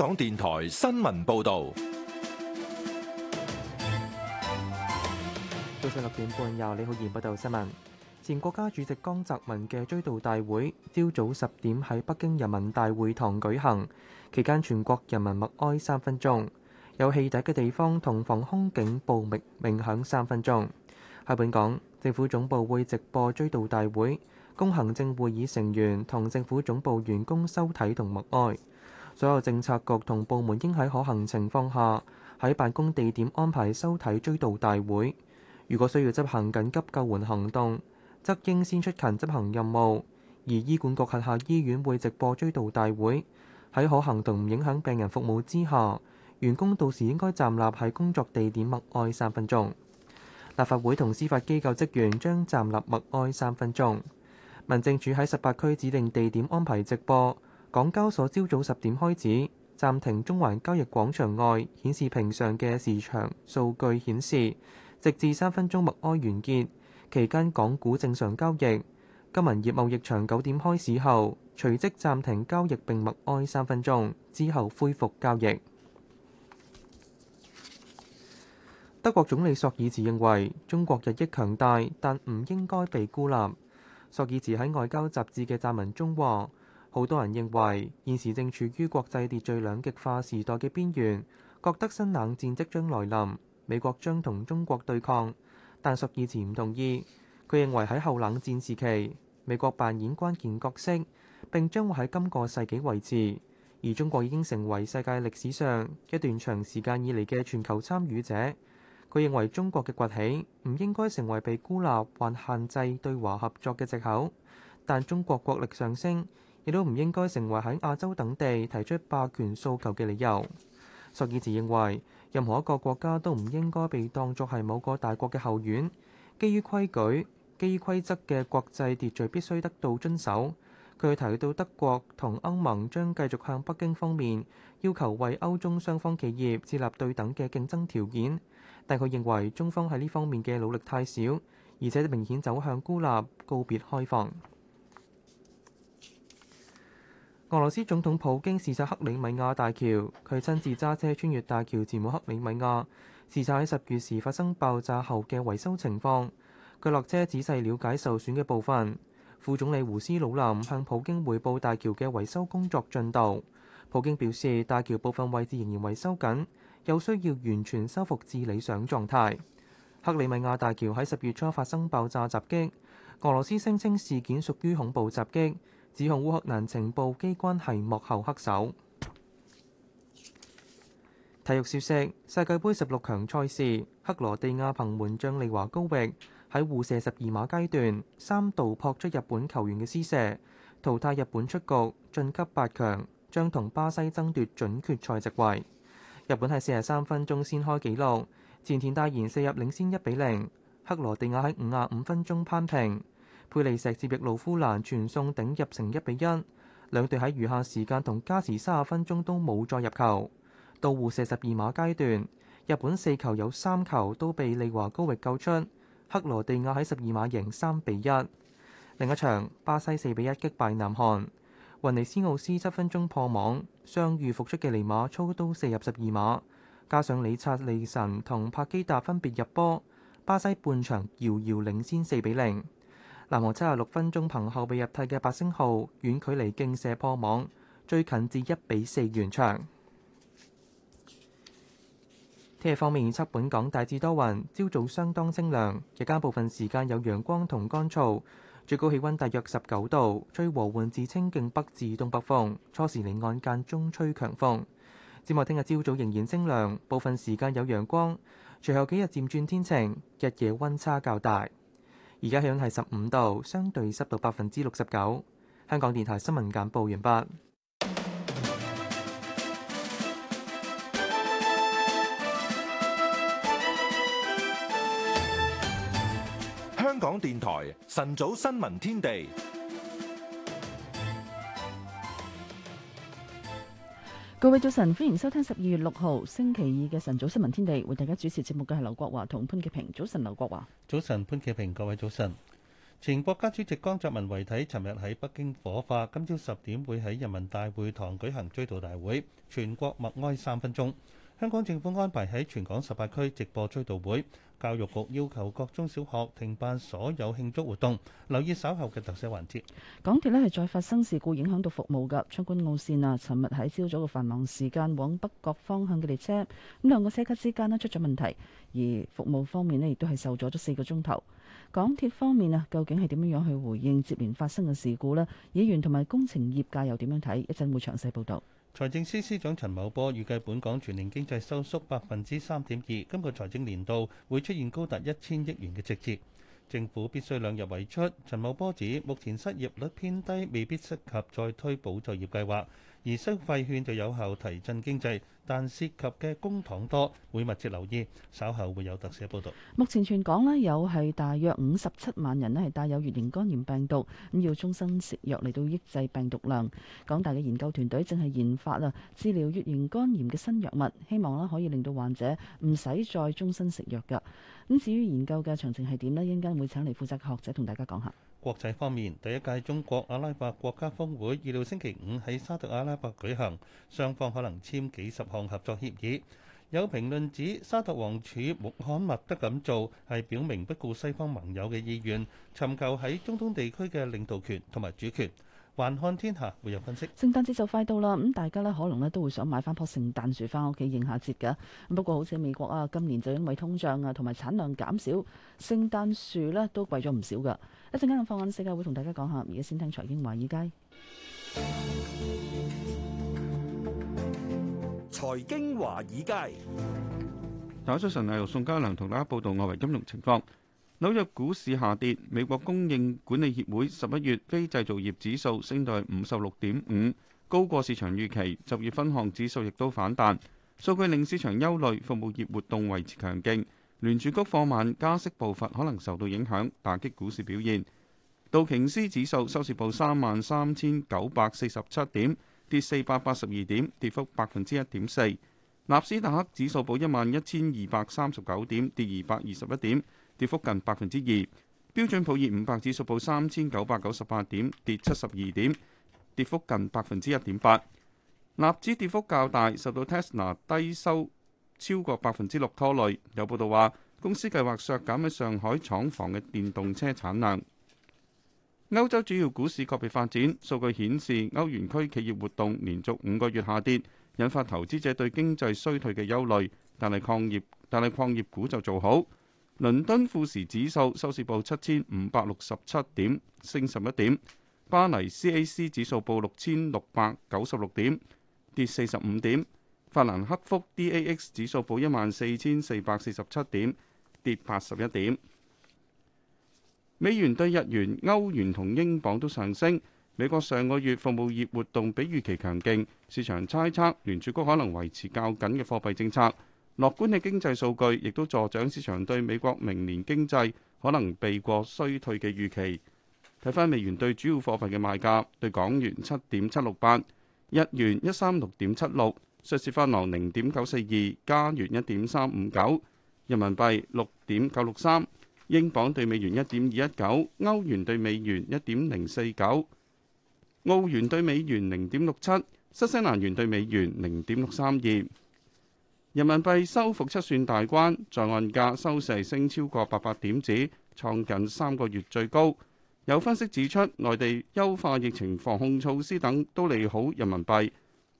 港電台新聞報道，早上六點半由李浩然報道新聞。前國家主席江澤民嘅追悼大會，朝早十點喺北京人民大會堂舉行，期間全國人民默哀三分鐘，有氣笛嘅地方同防空警報鳴鳴響三分鐘。喺本港，政府總部會直播追悼大會，供行政會議成員同政府總部員工收睇同默哀。所有政策局同部門應喺可行情況下，喺辦公地點安排收睇追悼大會。如果需要執行緊急救援行動，則應先出勤執行任務。而醫管局轄下醫院會直播追悼大會。喺可行同唔影響病人服務之下，員工到時應該站立喺工作地點默哀三分鐘。立法會同司法機構職員將站立默哀三分鐘。民政署喺十八區指定地點安排直播。港交所朝早十點開始暫停中環交易廣場外顯示屏上嘅市場數據顯示，直至三分鐘默哀完結。期間港股正常交易。金融業交易場九點開始後，隨即暫停交易並默哀三分鐘，之後恢復交易。德國總理索爾茨認為中國日益強大，但唔應該被孤立。索爾茨喺外交雜誌嘅撰文中話，好多人認為現時正處於國際秩序兩極化時代嘅邊緣，覺得新冷戰即將來臨，美國將同中國對抗。但索爾茨唔同意，佢認為喺後冷戰時期，美國扮演關鍵角色，並將會喺今個世紀維持。而中國已經成為世界歷史上一段長時間以嚟嘅全球參與者。佢認為中國嘅崛起唔應該成為被孤立或限制對華合作嘅藉口，但中國國力上升。亦都唔應該成為喺亞洲等地提出霸權訴求嘅理由。索爾茲認為任何一個國家都唔應該被當作係某個大國嘅後院。基於規矩、基於規則嘅國際秩序必須得到遵守。佢提到德國同歐盟將繼續向北京方面要求為歐中雙方企業設立對等嘅競爭條件，但佢認為中方喺呢方面嘅努力太少，而且明顯走向孤立、告別開放。俄羅斯總統普京視察克里米亞大橋，佢親自揸車穿越大橋前往克里米亞，視察喺十月時發生爆炸後嘅維修情況。佢落車仔細了解受損嘅部分。副總理胡斯魯林向普京匯報大橋嘅維修工作進度。普京表示，大橋部分位置仍然維修緊，有需要完全修復至理想狀態。克里米亞大橋喺十月初發生爆炸襲擊，俄羅斯聲稱事件屬於恐怖襲擊。指控烏克蘭情報機關係幕後黑手。體育消息：世界杯十六強賽事，克羅地亞憑門將利華高域喺互射十二碼階段三度撲出日本球員嘅施射，淘汰日本出局，晉級八強，將同巴西爭奪準決賽席位。日本係四十三分鐘先開紀錄，前田大然射入領先一比零，克羅地亞喺五十五分鐘攀平。佩利石接翼，路夫蘭傳送頂入，成一比一。兩隊喺餘下時間同加時三十分鐘都冇再入球。到互射十二碼階段，日本四球有三球都被利華高域救出。克羅地亞喺十二碼贏三比一。另一場巴西四比一擊敗南韓，雲尼斯奧斯七分鐘破網，傷癒復出嘅尼馬操刀射入十二碼，加上里察利神同帕基達分別入波，巴西半場遙遙領先四比零。南和七十六分鐘，憑後備入替嘅八星號遠距離勁射破網，最近至一比四完場。天氣方面，預測本港大致多雲，朝早相當清涼，日間部分時間有陽光同乾燥，最高氣温大約十九度，吹和緩至清勁北至東北風，初時離岸間中吹強風。展望聽日朝早仍然清涼，部分時間有陽光，隨後幾日漸轉天晴，日夜温差較大。而家氣温係十五度，相對濕度百分之六十九。香港電台新聞簡報完畢。香港電台晨早新聞天地。各位早晨，歡迎收聽十二月六號星期二嘅晨早新聞天地，為大家主持節目嘅係劉國華同潘潔平。早晨，劉國華。早晨，潘潔平。各位早晨。前國家主席江澤民遺體尋日喺北京火化，今朝十點會喺人民大會堂舉行追悼大會，全國默哀三分鐘。香港政府安排喺全港十八區直播追悼會。教育局要求各中小學停辦所有慶祝活動，留意稍後嘅特色環節。港鐵咧係再發生事故影響到服務噶，將軍澳綫啊，尋日喺朝早嘅繁忙時間往北角方向嘅列車，咁兩個車卡之間咧出咗問題，而服務方面咧亦都係受阻咗四個鐘頭。港鐵方面啊，究竟係點樣樣去回應接連發生嘅事故呢？議員同埋工程業界又點樣睇？一陣會詳細報道。財政司司長陳茂波預計，本港全年經濟收縮百分之三點二，今個財政年度會出現高達一千億元嘅赤字，政府必須量入為出。陳茂波指，目前失業率偏低，未必適合再推保就業計劃。而消費券就有效提振經濟，但涉及嘅公帑多，會密切留意。稍後會有特寫報道。目前全港咧有係大約五十七萬人咧係帶有乙型肝炎病毒，咁要終身食藥嚟到抑制病毒量。港大嘅研究團隊正係研發啊治療乙型肝炎嘅新藥物，希望啦可以令到患者唔使再終身食藥㗎。咁至於研究嘅詳情係點呢？一陣間會請嚟負責嘅學者同大家講下。國際方面，第一屆中國阿拉伯國家峰會預料星期五喺沙特阿拉伯舉行，雙方可能簽幾十項合作協議。有評論指，沙特王儲穆罕默德咁做係表明不顧西方盟友嘅意願，尋求喺中東地區嘅領導權同埋主權。還看天下，會有分析。聖誕節就快到啦，咁大家咧可能咧都會想買翻棵聖誕樹翻屋企應下節噶。不過好似美國啊，今年就因為通脹啊，同埋產量減少，聖誕樹咧都貴咗唔少噶。一陣間我放眼世界，會同大家講下。而家先聽財經華爾街。財經華爾街。早晨，係由宋家良同大家報道外圍金融情況。紐約股市下跌，美國供應管理協會十一月非製造業指數升到五十六點五，高過市場預期。十月分項指數亦都反彈，數據令市場憂慮服務業活動維持強勁。聯儲局放慢加息步伐可能受到影響，打擊股市表現。道瓊斯指數收市報三萬三千九百四十七點，跌四百八十二點，跌幅百分之一點四。納斯達克指數報一萬一千二百三十九點，跌二百二十一點。跌幅近百分之二，標準普爾五百指數報三千九百九十八點，跌七十二點，跌幅近百分之一點八。納指跌幅較大，受到 Tesla 低收超過百分之六拖累。有報道話，公司計劃削減喺上海廠房嘅電動車產量。歐洲主要股市個別發展，數據顯示歐元區企業活動連續五個月下跌，引發投資者對經濟衰退嘅憂慮。但係礦業，但係礦業股就做好。倫敦富時指數收市報七千五百六十七點，升十一點；巴黎 CAC 指數報六千六百九十六點，跌四十五點；法蘭克福 DAX 指數報一萬四千四百四十七點，跌八十一點。美元對日元、歐元同英鎊都上升。美國上個月服務業活動比預期強勁，市場猜測聯儲局可能維持較緊嘅貨幣政策。樂觀嘅經濟數據亦都助長市場對美國明年經濟可能避過衰退嘅預期。睇返美元對主要貨幣嘅賣價，對港元七點七六八，日元一三六點七六，瑞士法郎零點九四二，加元一點三五九，人民幣六點九六三，英鎊對美元一點二一九，歐元對美元一點零四九，澳元對美元零點六七，新西蘭元對美元零點六三二。人民幣收復七算大關，在岸價收市升超過八百點子，創近三個月最高。有分析指出，內地優化疫情防控措施等都利好人民幣，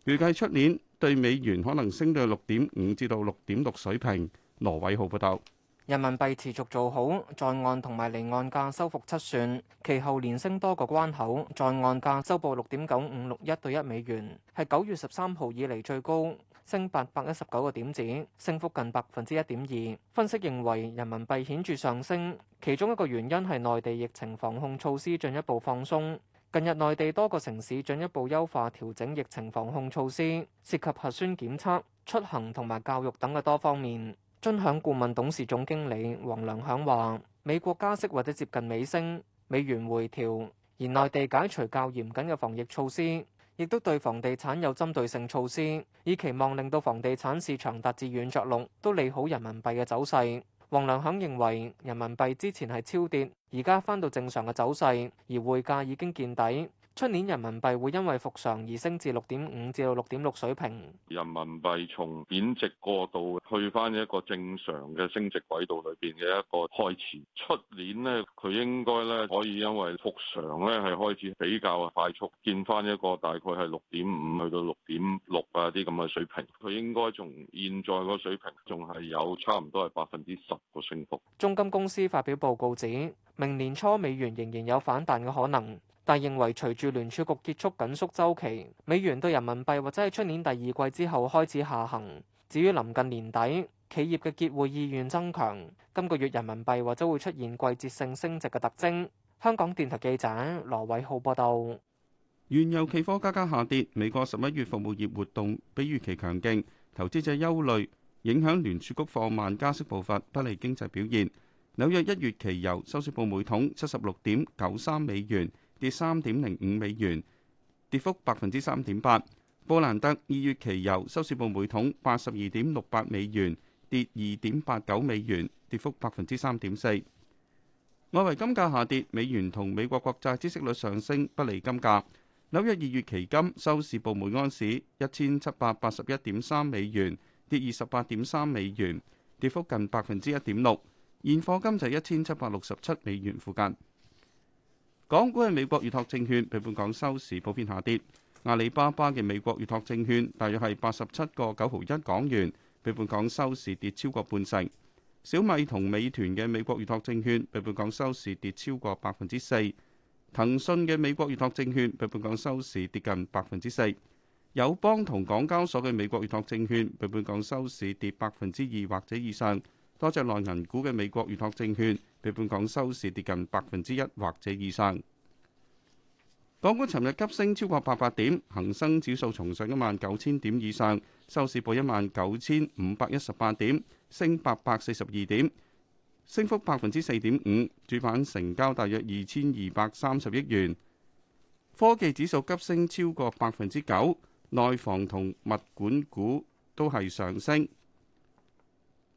預計出年對美元可能升到六點五至到六點六水平。羅偉浩報導。人民幣持續做好在岸同埋離岸價收復七算，其後連升多個關口，在岸價收報六點九五六一對一美元，係九月十三號以嚟最高，升八百一十九個點子，升幅近百分之一點二。分析認為，人民幣顯著上升，其中一個原因係內地疫情防控措施進一步放鬆。近日內地多個城市進一步優化調整疫情防控措施，涉及核酸檢測、出行同埋教育等嘅多方面。尊享顧問董事總經理黃良響話：，美國加息或者接近尾聲，美元回調；而內地解除較嚴謹嘅防疫措施，亦都對房地產有針對性措施，以期望令到房地產市場達至軟着陸，都利好人民幣嘅走勢。黃良響認為，人民幣之前係超跌，而家翻到正常嘅走勢，而匯價已經見底。出年人民幣會因為復常而升至六點五至到六點六水平。人民幣從貶值過渡去返一個正常嘅升值軌道裏邊嘅一個開始。出年呢，佢應該咧可以因為復常咧係開始比較快速見返一個大概係六點五去到六點六啊啲咁嘅水平。佢應該從現在個水平仲係有差唔多係百分之十個升幅。中金公司發表報告指，明年初美元仍然有反彈嘅可能。但係，認為隨住聯儲局結束緊縮週期，美元對人民幣或者喺出年第二季之後開始下行。至於臨近年底，企業嘅結匯意願增強，今個月人民幣或者會出現季節性升值嘅特徵。香港電台記者羅偉浩報道。原油期貨價格下跌，美國十一月服務業活動比預期強勁，投資者憂慮影響聯儲局放慢加息步伐，不利經濟表現。紐約一月期油收市報每桶七十六點九三美元。跌三點零五美元，跌幅百分之三點八。布蘭德二月期油收市報每桶八十二點六八美元，跌二點八九美元，跌幅百分之三點四。外圍金價下跌，美元同美國國債孳息率上升不利金價。紐約二月期金收市報每安士一千七百八十一點三美元，跌二十八點三美元，跌幅近百分之一點六。現貨金就一千七百六十七美元附近。港股嘅美國預託證券被本港收市普遍下跌，阿里巴巴嘅美國預託證券大約係八十七個九毫一港元，被本港收市跌超過半成；小米同美團嘅美國預託證券被本港收市跌超過百分之四；騰訊嘅美國預託證券被本港收市跌近百分之四；友邦同港交所嘅美國預託證券被本港收市跌百分之二或者以上。多隻內銀股嘅美國預託證券，比本港收市跌近百分之一或者以上，港股尋日急升超過八百點，恒生指數重上一萬九千點以上，收市報一萬九千五百一十八點，升八百四十二點，升幅百分之四點五。主板成交大約二千二百三十億元，科技指數急升超過百分之九，內房同物管股都係上升。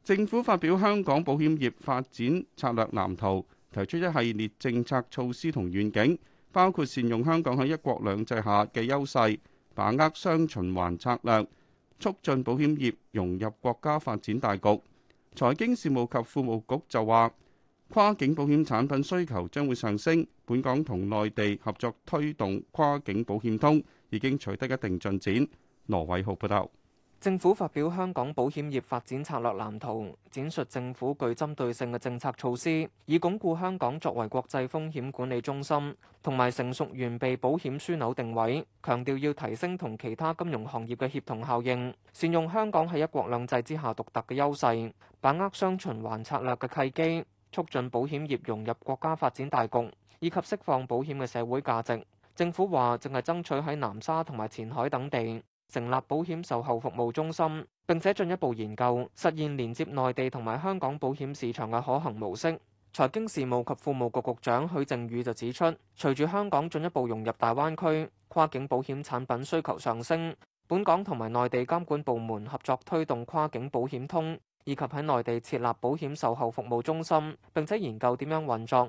政府發表香港保險業發展策略藍圖，提出一系列政策措施同願景，包括善用香港喺一國兩制下嘅優勢，把握雙循環策略，促進保險業融入國家發展大局。財經事務及庫務局就話，跨境保險產品需求將會上升，本港同內地合作推動跨境保險通已經取得一定進展。羅偉浩報道。政府發表香港保險業發展策略藍圖，展述政府具針對性嘅政策措施，以鞏固香港作為國際風險管理中心，同埋成熟完備保險樞紐定位。強調要提升同其他金融行業嘅協同效應，善用香港喺一國兩制之下獨特嘅優勢，把握雙循環策略嘅契機，促進保險業融入國家發展大局，以及釋放保險嘅社會價值。政府話淨係爭取喺南沙同埋前海等地，成立保險售後服務中心，並且進一步研究實現連接內地同埋香港保險市場嘅可行模式。財經事務及庫務局局局長許正宇就指出，隨住香港進一步融入大灣區，跨境保險產品需求上升，本港同埋內地監管部門合作推動跨境保險通，以及喺內地設立保險售後服務中心，並且研究點樣運作。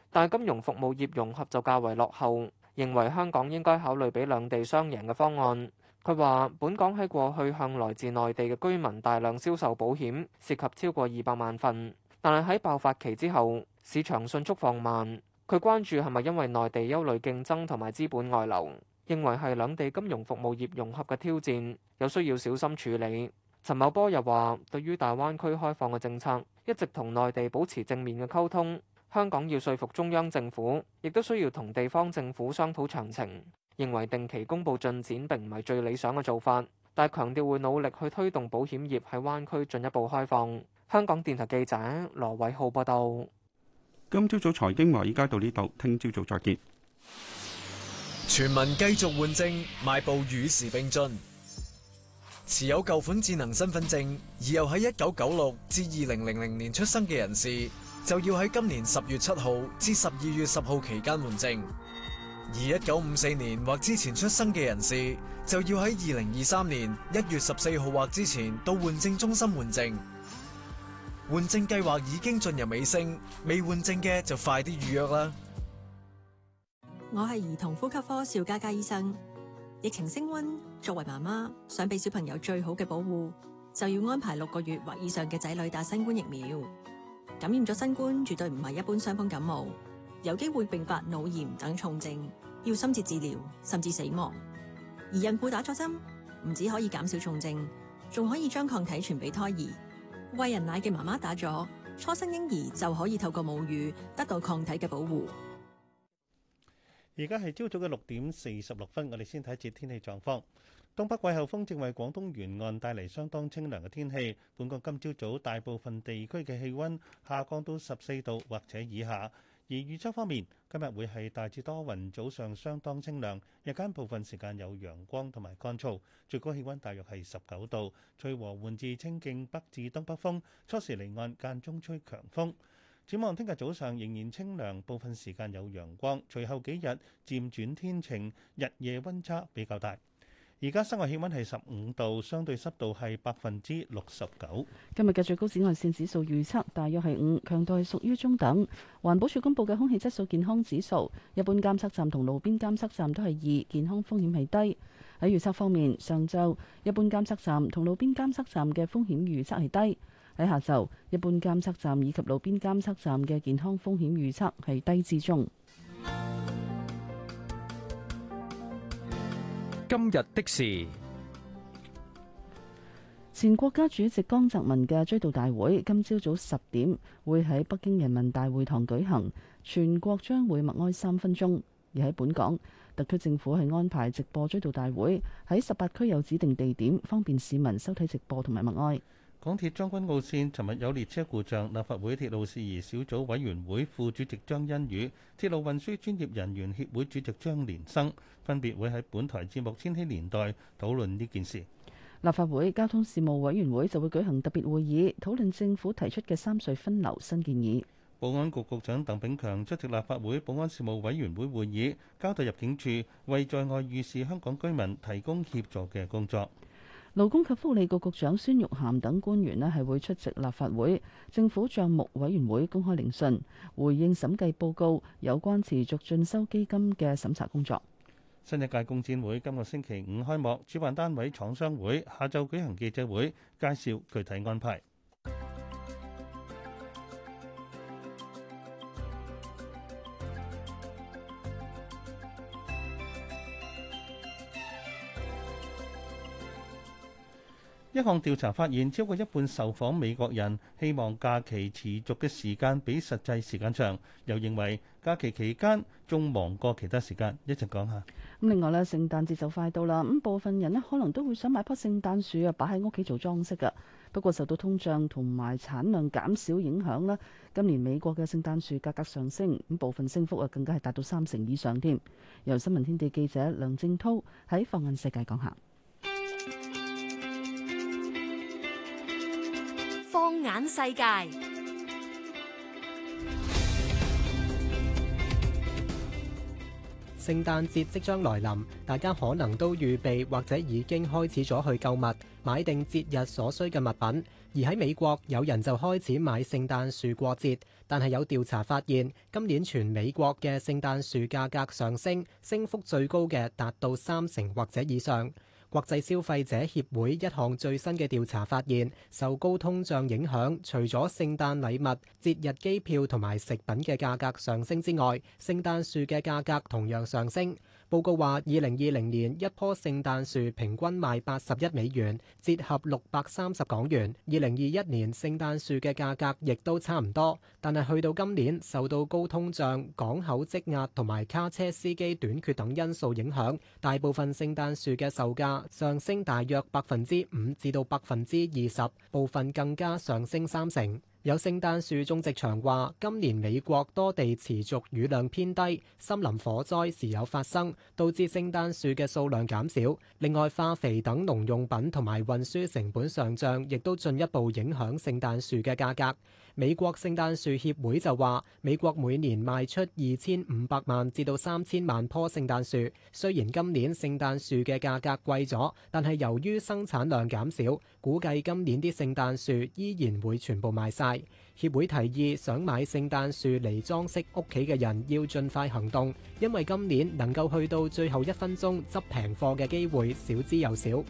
但金融服務業融合就較為落後，認為香港應該考慮俾兩地雙贏嘅方案。佢話本港喺過去向來自內地嘅居民大量銷售保險涉及超過二百萬份。但係喺爆發期之後市場迅速放慢。佢關注係咪因為內地憂慮競爭同埋資本外流，認為係兩地金融服務業融合嘅挑戰，有需要小心處理。陳茂波又話對於大灣區開放嘅政策，一直同內地保持正面嘅溝通。香港要說服中央政府，亦都需要同地方政府商討詳情。認為定期公布進展並唔係最理想嘅做法，但係強調會努力去推動保險業喺灣區進一步開放。香港電台記者羅偉浩報道。今朝早財經華爾街到呢度，聽朝早再見。全民繼續換證，邁步與時並進。持有舊款智能身份證而又喺一九九六至二零零零年出生嘅人士，就要喺今年十月七號至十二月十號期間換證；而一九五四年或之前出生嘅人士，就要喺二零二三年一月十四號或之前到換證中心換證。換證計劃已經進入尾聲，未換證嘅就快啲預約啦！我係兒童呼吸科邵嘉嘉醫生，疫情升温。作為媽媽，想俾小朋友最好嘅保護，就要安排六個月或以上嘅仔女打新冠疫苗。感染咗新冠，絕對唔係一般傷風感冒，有機會併發腦炎等重症，要深切治療，甚至死亡。而孕婦打咗針，唔止可以減少重症，仲可以將抗體傳俾胎兒。喂人奶嘅媽媽打咗，初生嬰兒就可以透過母乳得到抗體嘅保護。而家係朝早嘅六點四十六分，我哋先睇一節天氣狀況。東北季候風正為廣東沿岸帶嚟相當清涼嘅天氣。本港今朝早大部分地區嘅氣溫下降到十四度或者以下。而預測方面，今日會係大致多雲，早上相當清涼，日間部分時間有陽光同埋乾燥，最高氣溫大約係十九度。吹和緩至清勁北至東北風，初時離岸間中吹強風。展望聽日早上仍然清涼，部分時間有陽光，隨後幾日漸轉天晴，日夜溫差比較大。而家室外氣溫係十五度，相對濕度係百分之六十九。今日嘅最高紫外線指數預測大約係五，強度係屬於中等。環保署公布嘅空氣質素健康指數，一般監測站同路邊監測站都係二，健康風險係低。喺預測方面，上晝一般監測站同路邊監測站嘅風險預測係低；喺下晝，一般監測站以及路邊監測站嘅健康風險預測係低至中。今日的事，前國家主席江澤民嘅追悼大會今朝早十點會喺北京人民大會堂舉行，全國將會默哀三分鐘。而喺本港，特區政府係安排直播追悼大會，喺十八區有指定地點，方便市民收睇直播同埋默哀。港鐵將軍澳線尋日有列車故障，立法會鐵路事宜小組委員會副主席張欣宇、鐵路運輸專業人員協會主席張連生分別會喺本台節目《千禧年代》討論呢件事。立法會交通事務委員會就會舉行特別會議，討論政府提出嘅三隧分流新建議。保安局局長鄧炳強出席立法會保安事務委員會會議，交代入境處為在外遇事香港居民提供協助嘅工作。勞工及福利局局長孫玉菡等官員咧係會出席立法會政府賬目委員會公開聆訊，回應審計報告有關持續進修基金嘅審查工作。新一屆工展會今日星期五開幕，主辦單位廠商會下晝舉行記者會，介紹具體安排。一項調查發現，超過一半受訪美國人希望假期持續嘅時間比實際時間長，又認為假期期間仲忙過其他時間。一陣講一下。咁另外咧，聖誕節就快到啦，咁部分人咧可能都會想買棵聖誕樹啊，擺喺屋企做裝飾嘅。不過受到通脹同埋產量減少影響咧，今年美國嘅聖誕樹價格上升，咁部分升幅啊更加係達到三成以上添。由新聞天地記者梁正濤喺放眼世界講下。眼世界，聖誕節即將來臨，大家可能都預備或者已經開始咗去購物，買定節日所需嘅物品。而喺美國，有人就開始買聖誕樹過節，但係有調查發現，今年全美國嘅聖誕樹價格上升，升幅最高嘅達到三成或者以上。國際消費者協會一項最新嘅調查發現，受高通脹影響，除咗聖誕禮物、節日機票同埋食品嘅價格上升之外，聖誕樹嘅價格同樣上升。報告話，二零二零年一棵聖誕樹平均賣八十一美元，折合六百三十港元。二零二一年聖誕樹嘅價格亦都差唔多，但係去到今年，受到高通脹、港口積壓同埋卡車司機短缺等因素影響，大部分聖誕樹嘅售價上升大約百分之五至到百分之二十，部分更加上升三成。有聖誕樹種植場話：今年美國多地持續雨量偏低，森林火災時有發生，導致聖誕樹嘅數量減少。另外，化肥等農用品同埋運輸成本上漲，亦都進一步影響聖誕樹嘅價格。美國聖誕樹協會就話：美國每年賣出二千五百萬至到三千萬棵聖誕樹，雖然今年聖誕樹嘅價格貴咗，但係由於生產量減少，估計今年啲聖誕樹依然會全部賣晒。協會提議想買聖誕樹嚟裝飾屋企嘅人要盡快行動，因為今年能夠去到最後一分鐘執平貨嘅機會少之又少。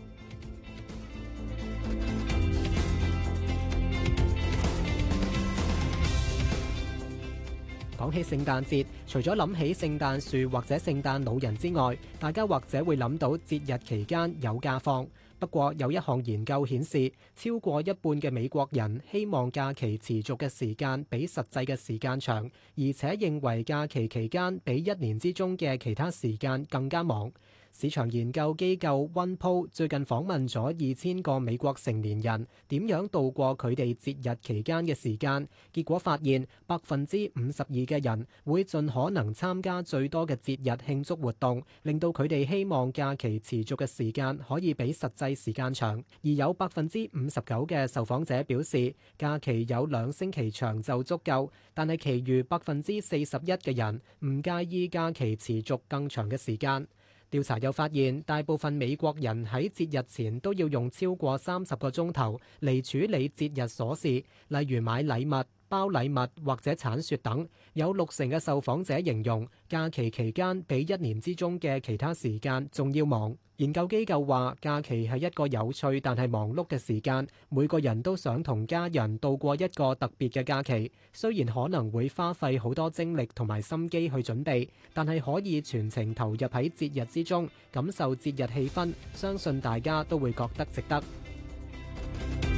講起聖誕節，除咗諗起聖誕樹或者聖誕老人之外，大家或者會諗到節日期間有假放。不過有一項研究顯示，超過一半嘅美國人希望假期持續嘅時間比實際嘅時間長，而且認為假期期間比一年之中嘅其他時間更加忙。市場研究機構溫鋪最近訪問咗二千個美國成年人點樣度過佢哋節日期間嘅時間，結果發現百分之五十二嘅人會盡可能參加最多嘅節日慶祝活動，令到佢哋希望假期持續嘅時間可以比實際時間長。而有百分之五十九嘅受訪者表示，假期有兩星期長就足夠，但係其餘百分之四十一嘅人唔介意假期持續更長嘅時間。調查又發現，大部分美國人喺節日前都要用超過三十個鐘頭嚟處理節日瑣事，例如買禮物、包禮物或者剷雪等，有六成嘅受訪者形容假期期間比一年之中嘅其他時間仲要忙。研究機構話，假期係一個有趣但係忙碌嘅時間，每個人都想同家人度過一個特別嘅假期，雖然可能會花費好多精力同埋心機去準備，但係可以全程投入喺節日之中，感受節日氣氛，相信大家都會覺得值得。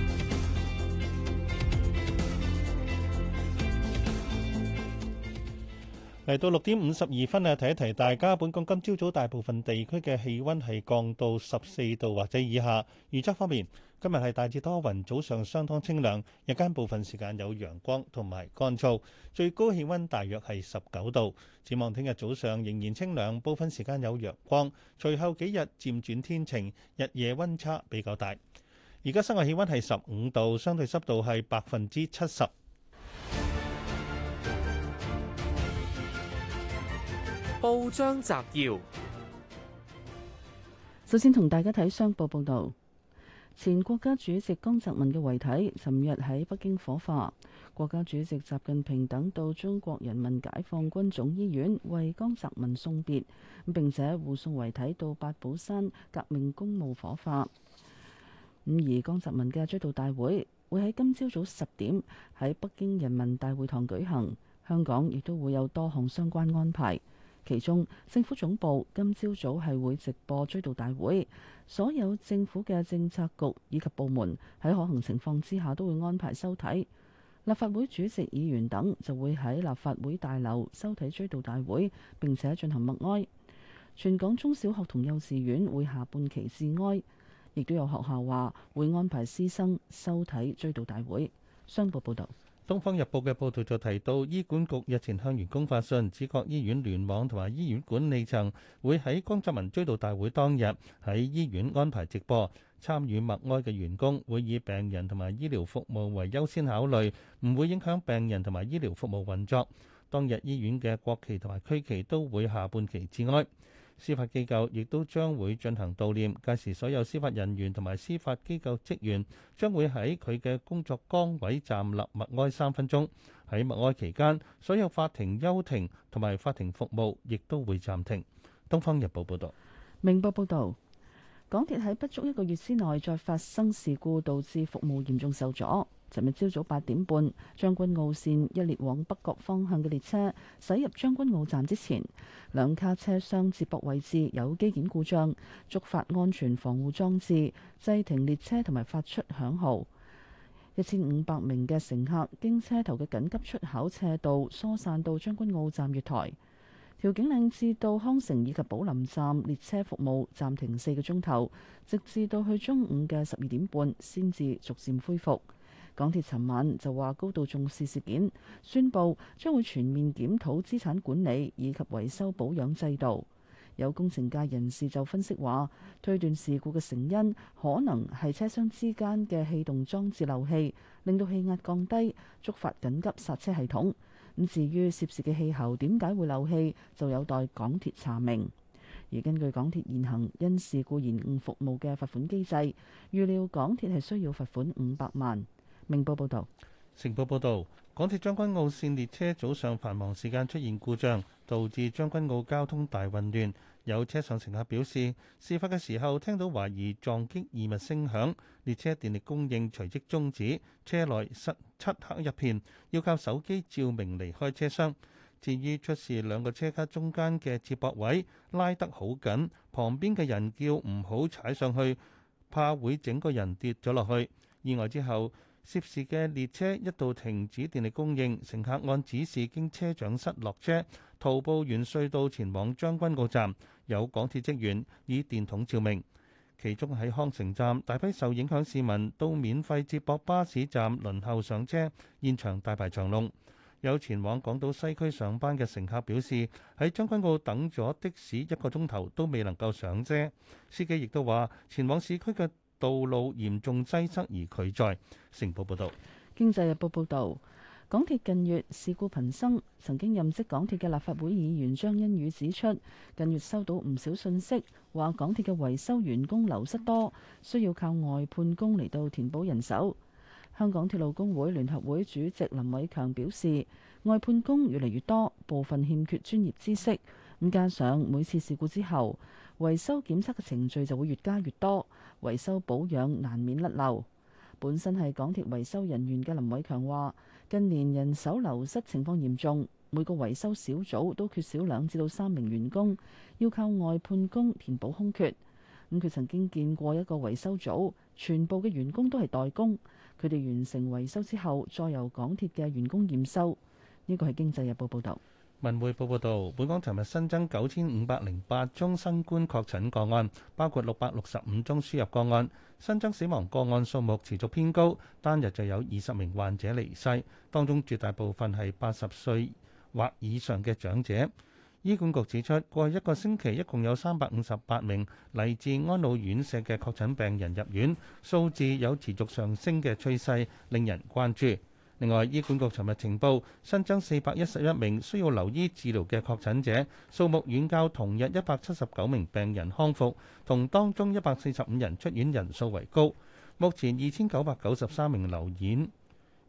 嚟到六點五十二分啊，提一提大家，本港今朝早大部分地區嘅氣温係降到十四度或者以下。預測方面，今日係大致多雲，早上相當清涼，日間部分時間有陽光同埋乾燥，最高氣温大約係十九度。展望聽日早上仍然清涼，部分時間有陽光，隨後幾日漸轉天晴，日夜温差比較大。而家室外氣温係十五度，相對濕度係百分之七十。報章摘要：首先同大家睇商報報道，前國家主席江澤民嘅遺體尋日喺北京火化。國家主席習近平等到中國人民解放軍總醫院為江澤民送別，並且護送遺體到八寶山革命公墓火化。咁而江澤民嘅追悼大會會喺今朝早十點喺北京人民大會堂舉行。香港亦都會有多項相關安排。其中，政府總部今朝早係會直播追悼大會，所有政府嘅政策局以及部門喺可行情況之下都會安排收睇。立法會主席、議員等就會喺立法會大樓收睇追悼大會，並且進行默哀。全港中小學同幼稚園會下半旗致哀，亦都有學校話會安排師生收睇追悼大會。商報報道。《東方日報》嘅報道就提到，醫管局日前向員工發信，指各醫院聯網同埋醫院管理層會喺江澤民追悼大會當日喺醫院安排直播，參與默哀嘅員工會以病人同埋醫療服務為優先考慮，唔會影響病人同埋醫療服務運作。當日醫院嘅國旗同埋區旗都會下半旗致哀。司法機構亦都將會進行悼念，屆時所有司法人員同埋司法機構職員將會喺佢嘅工作崗位站立默哀三分鐘。喺默哀期間，所有法庭休庭同埋法庭服務亦都會暫停。《東方日報》報道，《明報》報道，港鐵喺不足一個月之內再發生事故，導致服務嚴重受阻。尋日朝早八點半，將軍澳線一列往北角方向嘅列車駛入將軍澳站之前，兩卡車廂接駁位置有機件故障，觸發安全防護裝置，制停列車同埋發出響號。一千五百名嘅乘客經車頭嘅緊急出口斜道疏散到將軍澳站月台。調景嶺至到康城以及寶林站列車服務暫停四個鐘頭，直至到去中午嘅十二點半先至逐漸恢復。港鐵尋晚就話，高度重視事件，宣佈將會全面檢討資產管理以及維修保養制度。有工程界人士就分析話，推斷事故嘅成因可能係車廂之間嘅氣動裝置漏氣，令到氣壓降低，觸發緊急煞車系統。咁至於涉事嘅氣喉點解會漏氣，就有待港鐵查明。而根據港鐵現行因事故延誤服務嘅罰款機制，預料港鐵係需要罰款五百萬。明報報導，成報報道，港鐵將軍澳線列車早上繁忙時間出現故障，導致將軍澳交通大混亂。有車上乘客表示，事發嘅時候聽到懷疑撞擊異物聲響，列車電力供應隨即中止，車內失漆黑一片，要靠手機照明離開車廂。至於出事兩個車卡中間嘅接駁位拉得好緊，旁邊嘅人叫唔好踩上去，怕會整個人跌咗落去。意外之後。涉事嘅列車一度停止電力供應，乘客按指示經車長室落車，徒步沿隧道前往將軍澳站。有港鐵職員以電筒照明。其中喺康城站，大批受影響市民到免費接駁巴士站輪候上車，現場大排長龍，有前往港島西區上班嘅乘客表示，喺將軍澳等咗的士一個鐘頭都未能夠上車，司機亦都話前往市區嘅。道路嚴重擠塞而拒載。《成報》報導，《經濟日報》報導，港鐵近月事故頻生。曾經任職港鐵嘅立法會議員張欣宇指出，近月收到唔少信息，話港鐵嘅維修員工流失多，需要靠外判工嚟到填補人手。香港鐵路工會聯合會主席林偉強表示，外判工越嚟越多，部分欠缺專業知識，咁加上每次事故之後，維修檢測嘅程序就會越加越多。維修保養難免甩漏。本身係港鐵維修人員嘅林偉強話，近年人手流失情況嚴重，每個維修小組都缺少兩至到三名員工，要靠外判工填補空缺。咁佢曾經見過一個維修組，全部嘅員工都係代工，佢哋完成維修之後，再由港鐵嘅員工驗收。呢個係《經濟日報》報道。文匯報報道，本港尋日新增九千五百零八宗新冠確診個案，包括六百六十五宗輸入個案。新增死亡個案數目持續偏高，單日就有二十名患者離世，當中絕大部分係八十歲或以上嘅長者。醫管局指出，過去一個星期一共有三百五十八名嚟自安老院舍嘅確診病人入院，數字有持續上升嘅趨勢，令人關注。另外，醫管局尋日呈報新增四百一十一名需要留醫治療嘅確診者，數目遠較同日一百七十九名病人康復，同當中一百四十五人出院人數為高。目前二千九百九十三名留院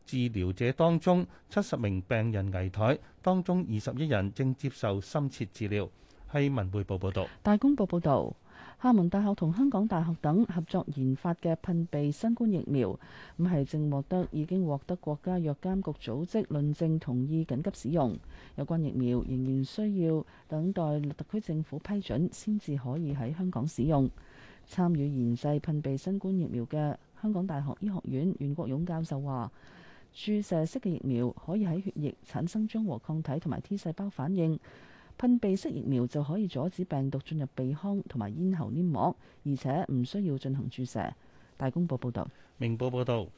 治療者當中，七十名病人危殆，當中二十一人正接受深切治療。係文匯報報導。大公報報道。廈門大學同香港大學等合作研發嘅噴鼻新冠疫苗，咁係正獲得已經獲得國家藥監局組織論證同意緊急使用。有關疫苗仍然需要等待特區政府批准，先至可以喺香港使用。參與研製噴鼻新冠疫苗嘅香港大學醫學院袁國勇教授話，注射式嘅疫苗可以喺血液產生中和抗體同埋 T 細胞反應。噴鼻式疫苗就可以阻止病毒進入鼻腔同埋咽喉黏膜，而且唔需要進行注射。大公報報道。明報報道，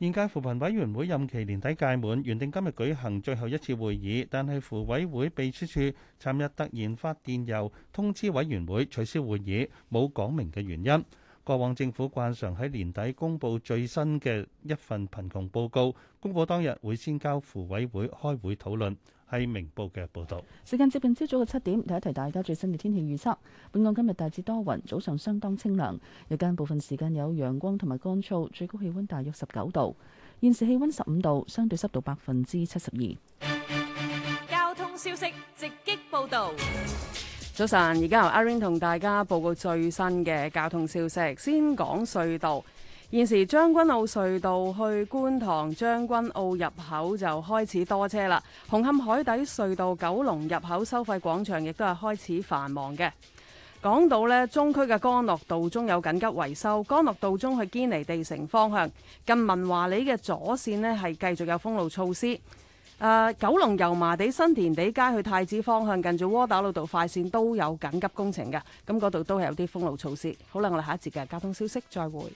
現屆扶貧委員會任期年底屆滿，原定今日舉行最後一次會議，但係扶委會秘書處，處昨日突然發電郵通知委員會取消會議，冇講明嘅原因。過往政府慣常喺年底公布最新嘅一份貧窮報告，公布當日會先交扶委會開會討論。係明報嘅報道。時間接近朝早嘅七點，提一提大家最新嘅天氣預測。本港今日大致多雲，早上相當清涼，日間部分時間有陽光同埋乾燥，最高氣溫大約十九度。現時氣溫十五度，相對濕度百分之七十二。交通消息直擊報道。早晨，而家由阿 Rain 同大家報告最新嘅交通消息。先講隧道。現時將軍澳隧道去觀塘將軍澳入口就開始多車啦。紅磡海底隧道九龍入口收費廣場亦都係開始繁忙嘅。港島呢，中區嘅干諾道中有緊急維修。干諾道中去堅尼地城方向近文華里嘅左線呢係繼續有封路措施。誒、呃，九龍油麻地新填地街去太子方向近住窩打老道快線都有緊急工程嘅，咁嗰度都係有啲封路措施。好啦，我哋下一節嘅交通消息再會。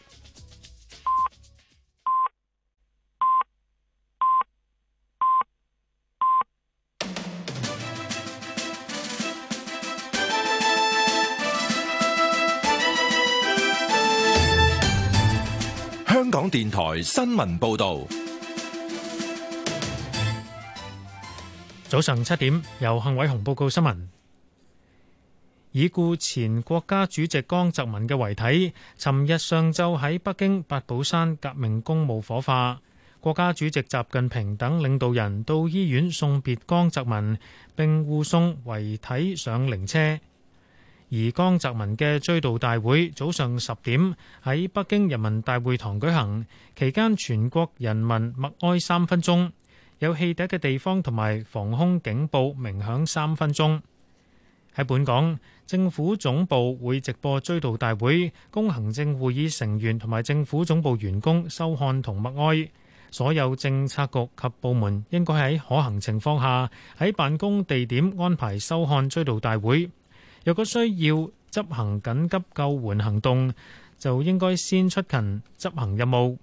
香港電台新聞報道，早上七點，由幸偉雄報告新聞。已故前國家主席江澤民嘅遺體，尋日上晝喺北京八寶山革命公墓火化。國家主席習近平等領導人到醫院送別江澤民，並護送遺體上靈車。而江澤民嘅追悼大會早上十點喺北京人民大會堂舉行，期間全國人民默哀三分鐘，有汽笛嘅地方同埋防空警報鳴響三分鐘。喺本港，政府總部會直播追悼大會，供行政會議成員同埋政府總部員工收看同默哀。所有政策局及部門應該喺可行情況下喺辦公地點安排收看追悼大會。若果需要執行緊急救援行動，就應該先出勤執行任務。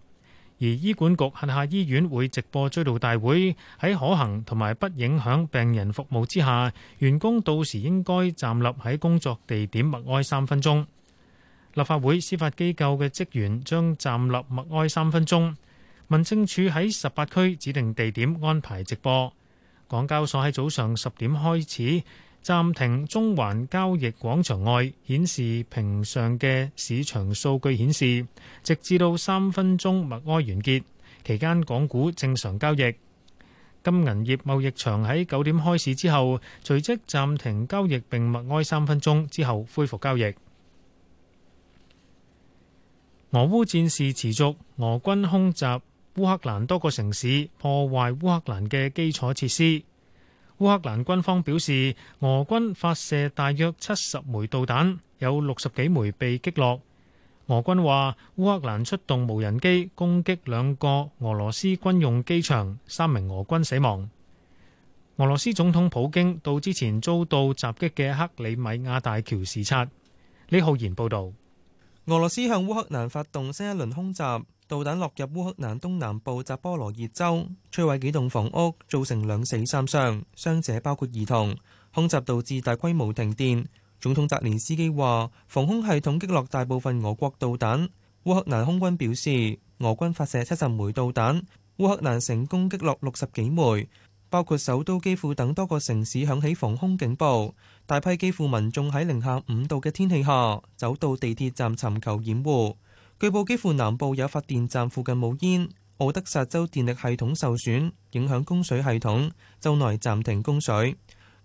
而醫管局轄下醫院會直播追悼大會，喺可行同埋不影響病人服務之下，員工到時應該站立喺工作地點默哀三分鐘。立法會司法機構嘅職員將站立默哀三分鐘。民政處喺十八區指定地點安排直播。港交所喺早上十點開始。暫停中環交易廣場外顯示屏上嘅市場數據顯示，直至到三分鐘默哀完結期間，港股正常交易。金銀業貿易場喺九點開市之後，隨即暫停交易並默哀三分鐘之後恢復交易。俄烏戰事持續，俄軍空襲烏克蘭多個城市，破壞烏克蘭嘅基礎設施。烏克蘭軍方表示，俄軍發射大約七十枚導彈，有六十幾枚被擊落。俄軍話，烏克蘭出動無人機攻擊兩個俄羅斯軍用機場，三名俄軍死亡。俄羅斯總統普京到之前遭到襲擊嘅克里米亞大橋視察。李浩然報道，俄羅斯向烏克蘭發動新一輪空襲。導彈落入烏克蘭東南部扎波羅熱州，摧毀幾棟房屋，造成兩死三傷，傷者包括兒童。空襲導致大規模停電。總統澤連斯基話：防空系統擊落大部分俄國導彈。烏克蘭空軍表示，俄軍發射七十枚導彈，烏克蘭成功擊落六十幾枚，包括首都基輔等多個城市響起防空警報，大批基輔民眾喺零下五度嘅天氣下走到地鐵站尋求掩護。據報，基輔南部有發電站附近冒煙，奧德薩州電力系統受損，影響供水系統，州內暫停供水。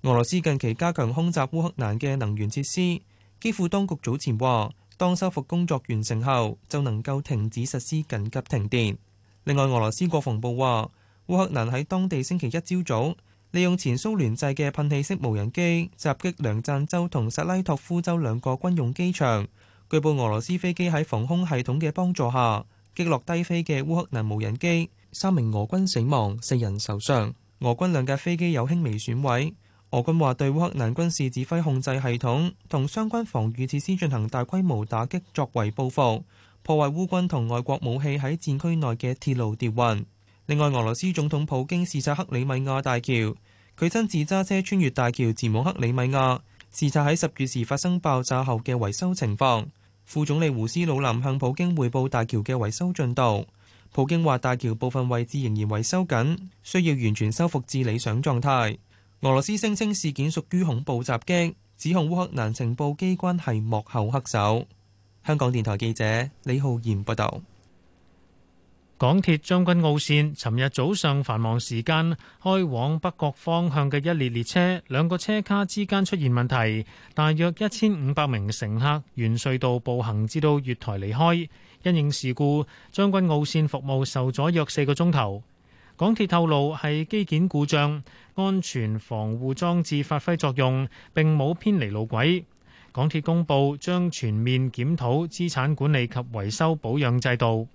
俄羅斯近期加強空襲烏克蘭嘅能源設施，基輔當局早前話，當修復工作完成後，就能夠停止實施緊急停電。另外，俄羅斯國防部話，烏克蘭喺當地星期一朝早，利用前蘇聯製嘅噴氣式無人機襲擊梁贊州同薩拉托夫州兩個軍用機場。據報，俄羅斯飛機喺防空系統嘅幫助下擊落低飛嘅烏克蘭無人機，三名俄軍死亡，四人受傷。俄軍兩架飛機有輕微損毀。俄軍話對烏克蘭軍事指揮控制系統同相關防禦設施進行大規模打擊，作為報復，破壞烏軍同外國武器喺戰區內嘅鐵路調運。另外，俄羅斯總統普京視察克里米亞大橋，佢親自揸車穿越大橋，前往克里米亞視察喺十月時發生爆炸後嘅維修情況。副總理胡斯魯林向普京匯報大橋嘅維修進度。普京話大橋部分位置仍然維修緊，需要完全修復至理想狀態。俄羅斯聲稱事件屬於恐怖襲擊，指控烏克蘭情報機關係幕後黑手。香港電台記者李浩然報道。港鐵將軍澳綫尋日早上繁忙時間開往北角方向嘅一列列車，兩個車卡之間出現問題，大約一千五百名乘客沿隧道步行至到月台離開。因應事故，將軍澳綫服務受阻約四個鐘頭。港鐵透露係機件故障，安全防護裝置發揮作用，並冇偏離路軌。港鐵公布將全面檢討資產管理及維修保養制度。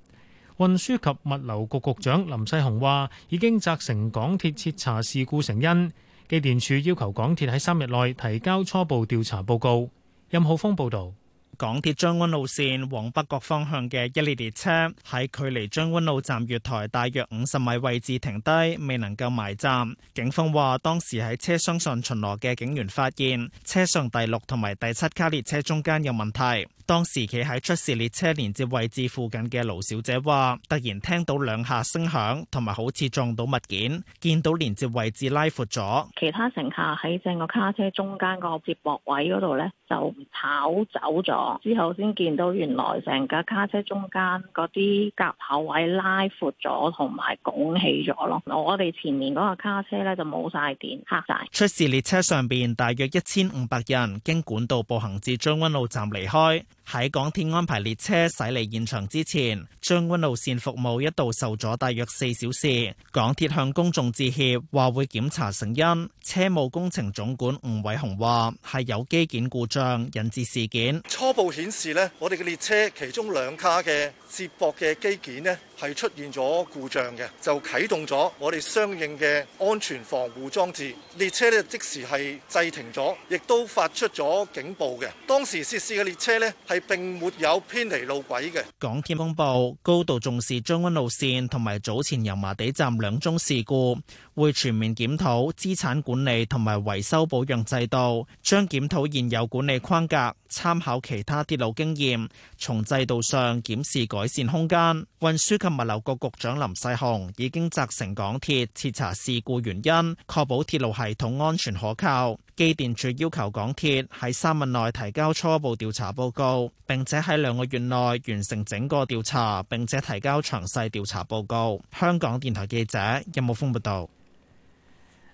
運輸及物流局局長林世雄話，已經責成港鐵徹查事故成因。機電署要求港鐵喺三日內提交初步調查報告。任浩峰報道，港鐵將軍路線往北角方向嘅一列列車喺距離將軍澳站月台大約五十米位置停低，未能夠埋站。警方話，當時喺車廂上巡邏嘅警員發現，車上第六同埋第七卡列車中間有問題。當時企喺出事列車連接位置附近嘅盧小姐話，突然聽到兩下聲響，同埋好似撞到物件，見到連接位置拉闊咗。其他乘客喺正個卡車中間個接駁位嗰度呢，就跑走咗。之後先見到原來成架卡車中間嗰啲夾口位拉闊咗，同埋拱起咗咯。我哋前面嗰個卡車呢，就冇晒電，黑晒。出事列車上邊大約一千五百人，經管道步行至將軍澳站離開。喺港鐵安排列車駛離現場之前，將軍路線服務一度受阻大約四小時。港鐵向公眾致歉，話會檢查成因。車務工程總管吳偉雄話係有機件故障引致事件。初步顯示呢，我哋嘅列車其中兩卡嘅接駁嘅機件咧。係出現咗故障嘅，就啟動咗我哋相應嘅安全防護裝置，列車呢即時係制停咗，亦都發出咗警報嘅。當時涉事嘅列車呢係並沒有偏離路軌嘅。港鐵公布，高度重視將軍路線同埋早前油麻地站兩宗事故，會全面檢討資產管理同埋維修保養制度，將檢討現有管理框架，參考其他鐵路經驗，從制度上檢視改善空間，運輸及物流局局長林世雄已經責成港鐵徹查事故原因，確保鐵路系統安全可靠。機電署要求港鐵喺三日內提交初步調查報告，並且喺兩個月內完成整個調查，並且提交詳細調查報告。香港電台記者任武峰報道。有有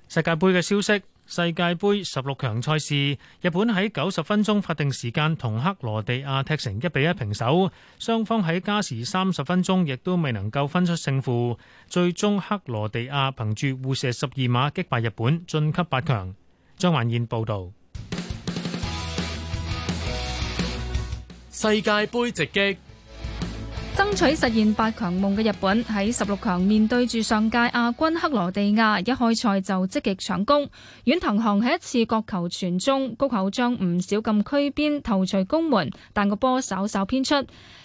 世界盃嘅消息。世界杯十六強賽事，日本喺九十分鐘法定時間同克羅地亞踢成一比一平手，雙方喺加時三十分鐘亦都未能夠分出勝負，最終克羅地亞憑住互射十二碼擊敗日本，晉級八強。張環燕報導。世界盃直擊。爭取實現八強夢嘅日本喺十六強面對住上屆亞軍克羅地亞，一開賽就積極搶攻。遠藤航喺一次角球傳中，谷口將唔少禁區邊頭槌攻門，但個波稍稍偏出。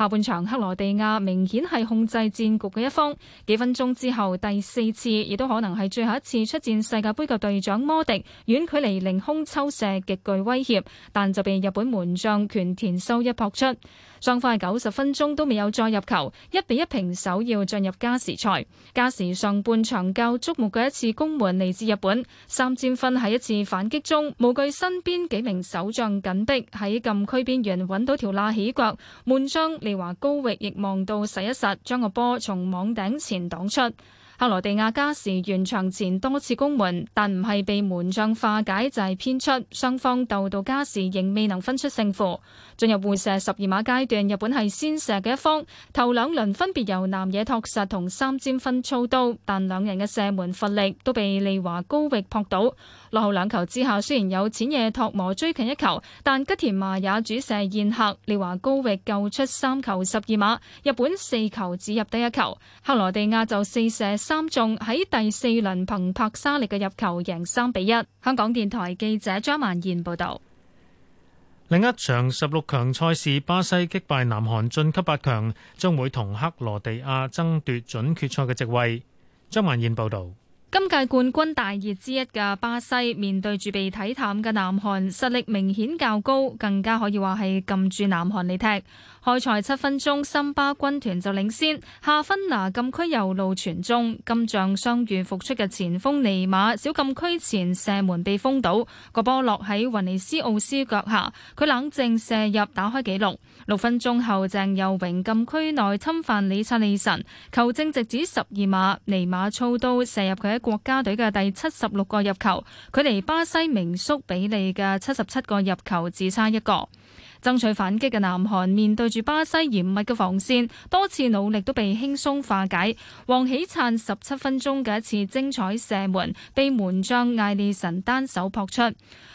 下半場，克羅地亞明顯係控制戰局嘅一方。幾分鐘之後，第四次亦都可能係最後一次出戰世界杯嘅隊長摩迪遠距離凌空抽射，極具威脅，但就被日本門將權田修一撲出。雙方喺九十分鐘都未有再入球，一比一平手，要進入加時賽。加時上半場較矚目嘅一次攻門嚟自日本三戰分喺一次反擊中，無懼身邊幾名守將緊逼，喺禁區邊緣揾到條罅起腳，門將。話高域亦望到實一實，將個波從網頂前擋出。克羅地亞加時完場前多次攻門，但唔係被門將化解就係偏出，雙方鬥到加時仍未能分出勝負。進入互射十二碼階段，日本係先射嘅一方，頭兩輪分別由南野拓實同三笘薰操刀，但兩人嘅射門乏力都被利華高域撲倒。落後兩球之下，雖然有淺野拓磨追近一球，但吉田麻也主射宴客，利華高域救出三球十二碼，日本四球只入得一球，克羅地亞就四射。三眾喺第四輪憑拍沙力嘅入球贏三比一。香港電台記者張萬燕報道。另一場十六強賽事，巴西擊敗南韓晉級八強，將會同克羅地亞爭奪準決賽嘅席位。張萬燕報道。今屆冠軍大熱之一嘅巴西面對住被睇淡嘅南韓，實力明顯較高，更加可以話係撳住南韓嚟踢。開賽七分鐘，森巴軍團就領先，夏芬拿禁區右路傳中，金像傷愈復出嘅前鋒尼馬小禁區前射門被封堵，個波落喺雲尼斯奧斯腳下，佢冷靜射入打開紀錄。六分鐘後，鄭又榮禁區內侵犯李察利臣，球證直指十二碼，尼馬操刀射入，佢國家隊嘅第七十六個入球，距離巴西名宿比利嘅七十七個入球只差一個。爭取反擊嘅南韓面對住巴西嚴密嘅防線，多次努力都被輕鬆化解。黃喜燦十七分鐘嘅一次精彩射門，被門將艾利臣單手撲出。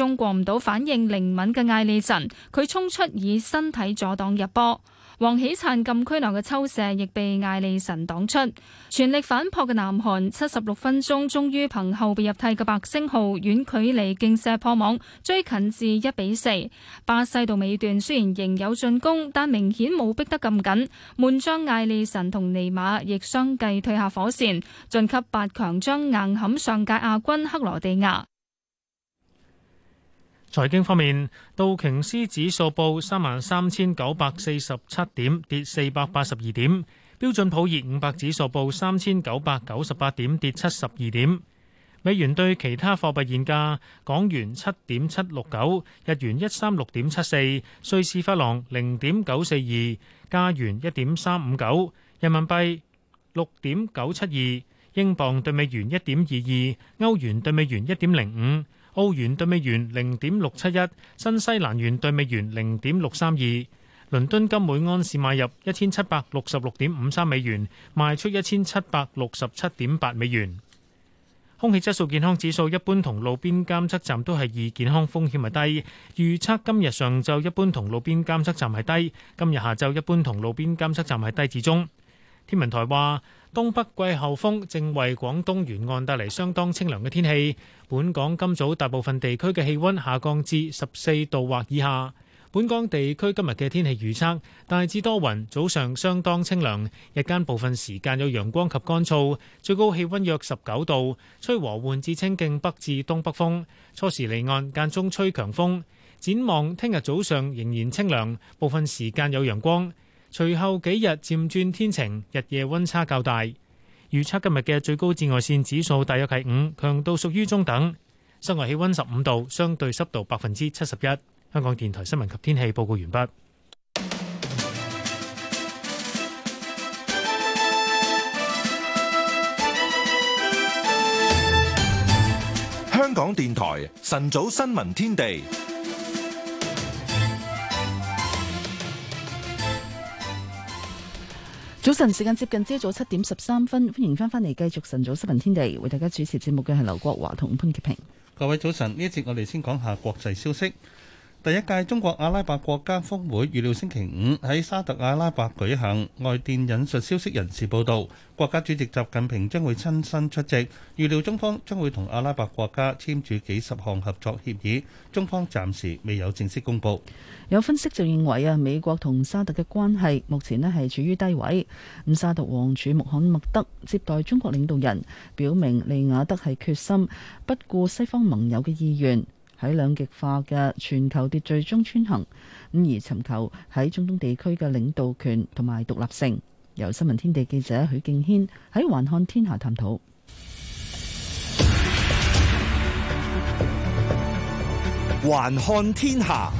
中過唔到反應靈敏嘅艾利神，佢衝出以身體阻擋入波。黃喜燦禁區內嘅抽射亦被艾利神擋出，全力反撲嘅南韓七十六分鐘終於憑後備入替嘅白星號遠距離勁射破網，追近至一比四。巴西到尾段雖然仍有進攻，但明顯冇逼得咁緊。門將艾利神同尼馬亦相繼退下火線，晉級八強將硬撼上屆亞軍克羅地亞。財經方面，道瓊斯指數報三萬三千九百四十七點，跌四百八十二點；標準普爾五百指數報三千九百九十八點，跌七十二點。美元對其他貨幣現價：港元七點七六九，日元一三六點七四，瑞士法郎零點九四二，加元一點三五九，人民幣六點九七二，英鎊對美元一點二二，歐元對美元一點零五。歐元對美元零點六七一，新西蘭元對美元零點六三二，倫敦金每盎司買入一千七百六十六點五三美元，賣出一千七百六十七點八美元。空氣質素健康指數一般同路邊監測站都係以健康風險為低，預測今日上晝一般同路邊監測站係低，今日下晝一般同路邊監測站係低至中。天文台話。東北季候風正為廣東沿岸帶嚟相當清涼嘅天氣，本港今早大部分地區嘅氣溫下降至十四度或以下。本港地區今日嘅天氣預測大致多雲，早上相當清涼，日間部分時間有陽光及乾燥，最高氣溫約十九度，吹和緩至清勁北至東北風，初時離岸，間中吹強風。展望聽日早上仍然清涼，部分時間有陽光。隨後幾日漸轉天晴，日夜溫差較大。預測今日嘅最高紫外線指數大約係五，強度屬於中等。室外氣溫十五度，相對濕度百分之七十一。香港電台新聞及天氣報告完畢。香港電台晨早新聞天地。早晨，時間接近朝早七點十三分，歡迎翻返嚟繼續晨早新聞天地，為大家主持節目嘅係劉國華同潘潔平。各位早晨，呢一節我哋先講下國際消息。第一屆中國阿拉伯國家峰會預料星期五喺沙特阿拉伯舉行。外電引述消息人士報道，國家主席習近平將會親身出席。預料中方將會同阿拉伯國家簽署幾十項合作協議。中方暫時未有正式公佈。有分析就認為啊，美國同沙特嘅關係目前咧係處於低位。咁沙特王儲穆罕默德接待中國領導人，表明利雅德係決心不顧西方盟友嘅意願，喺兩極化嘅全球秩序中穿行，咁而尋求喺中東地區嘅領導權同埋獨立性。由新聞天地記者許敬軒喺《環看天下》探討。環看天下。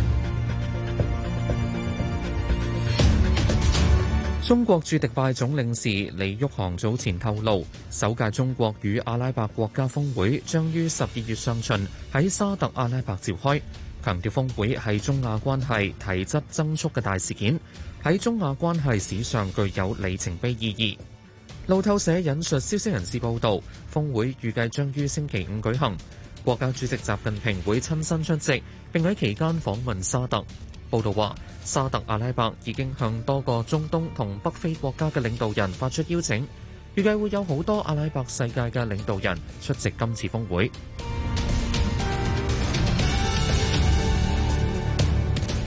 中國駐迪拜總領事李旭航早前透露，首屆中國與阿拉伯國家峰會將於十二月上旬喺沙特阿拉伯召開，強調峰會係中阿關係提質增速嘅大事件，喺中阿關係史上具有里程碑意義。路透社引述消息人士報道，峰會預計將於星期五舉行，國家主席習近平會親身出席，並喺期間訪問沙特。報道話，沙特阿拉伯已經向多個中東同北非國家嘅領導人發出邀請，預計會有好多阿拉伯世界嘅領導人出席今次峰會。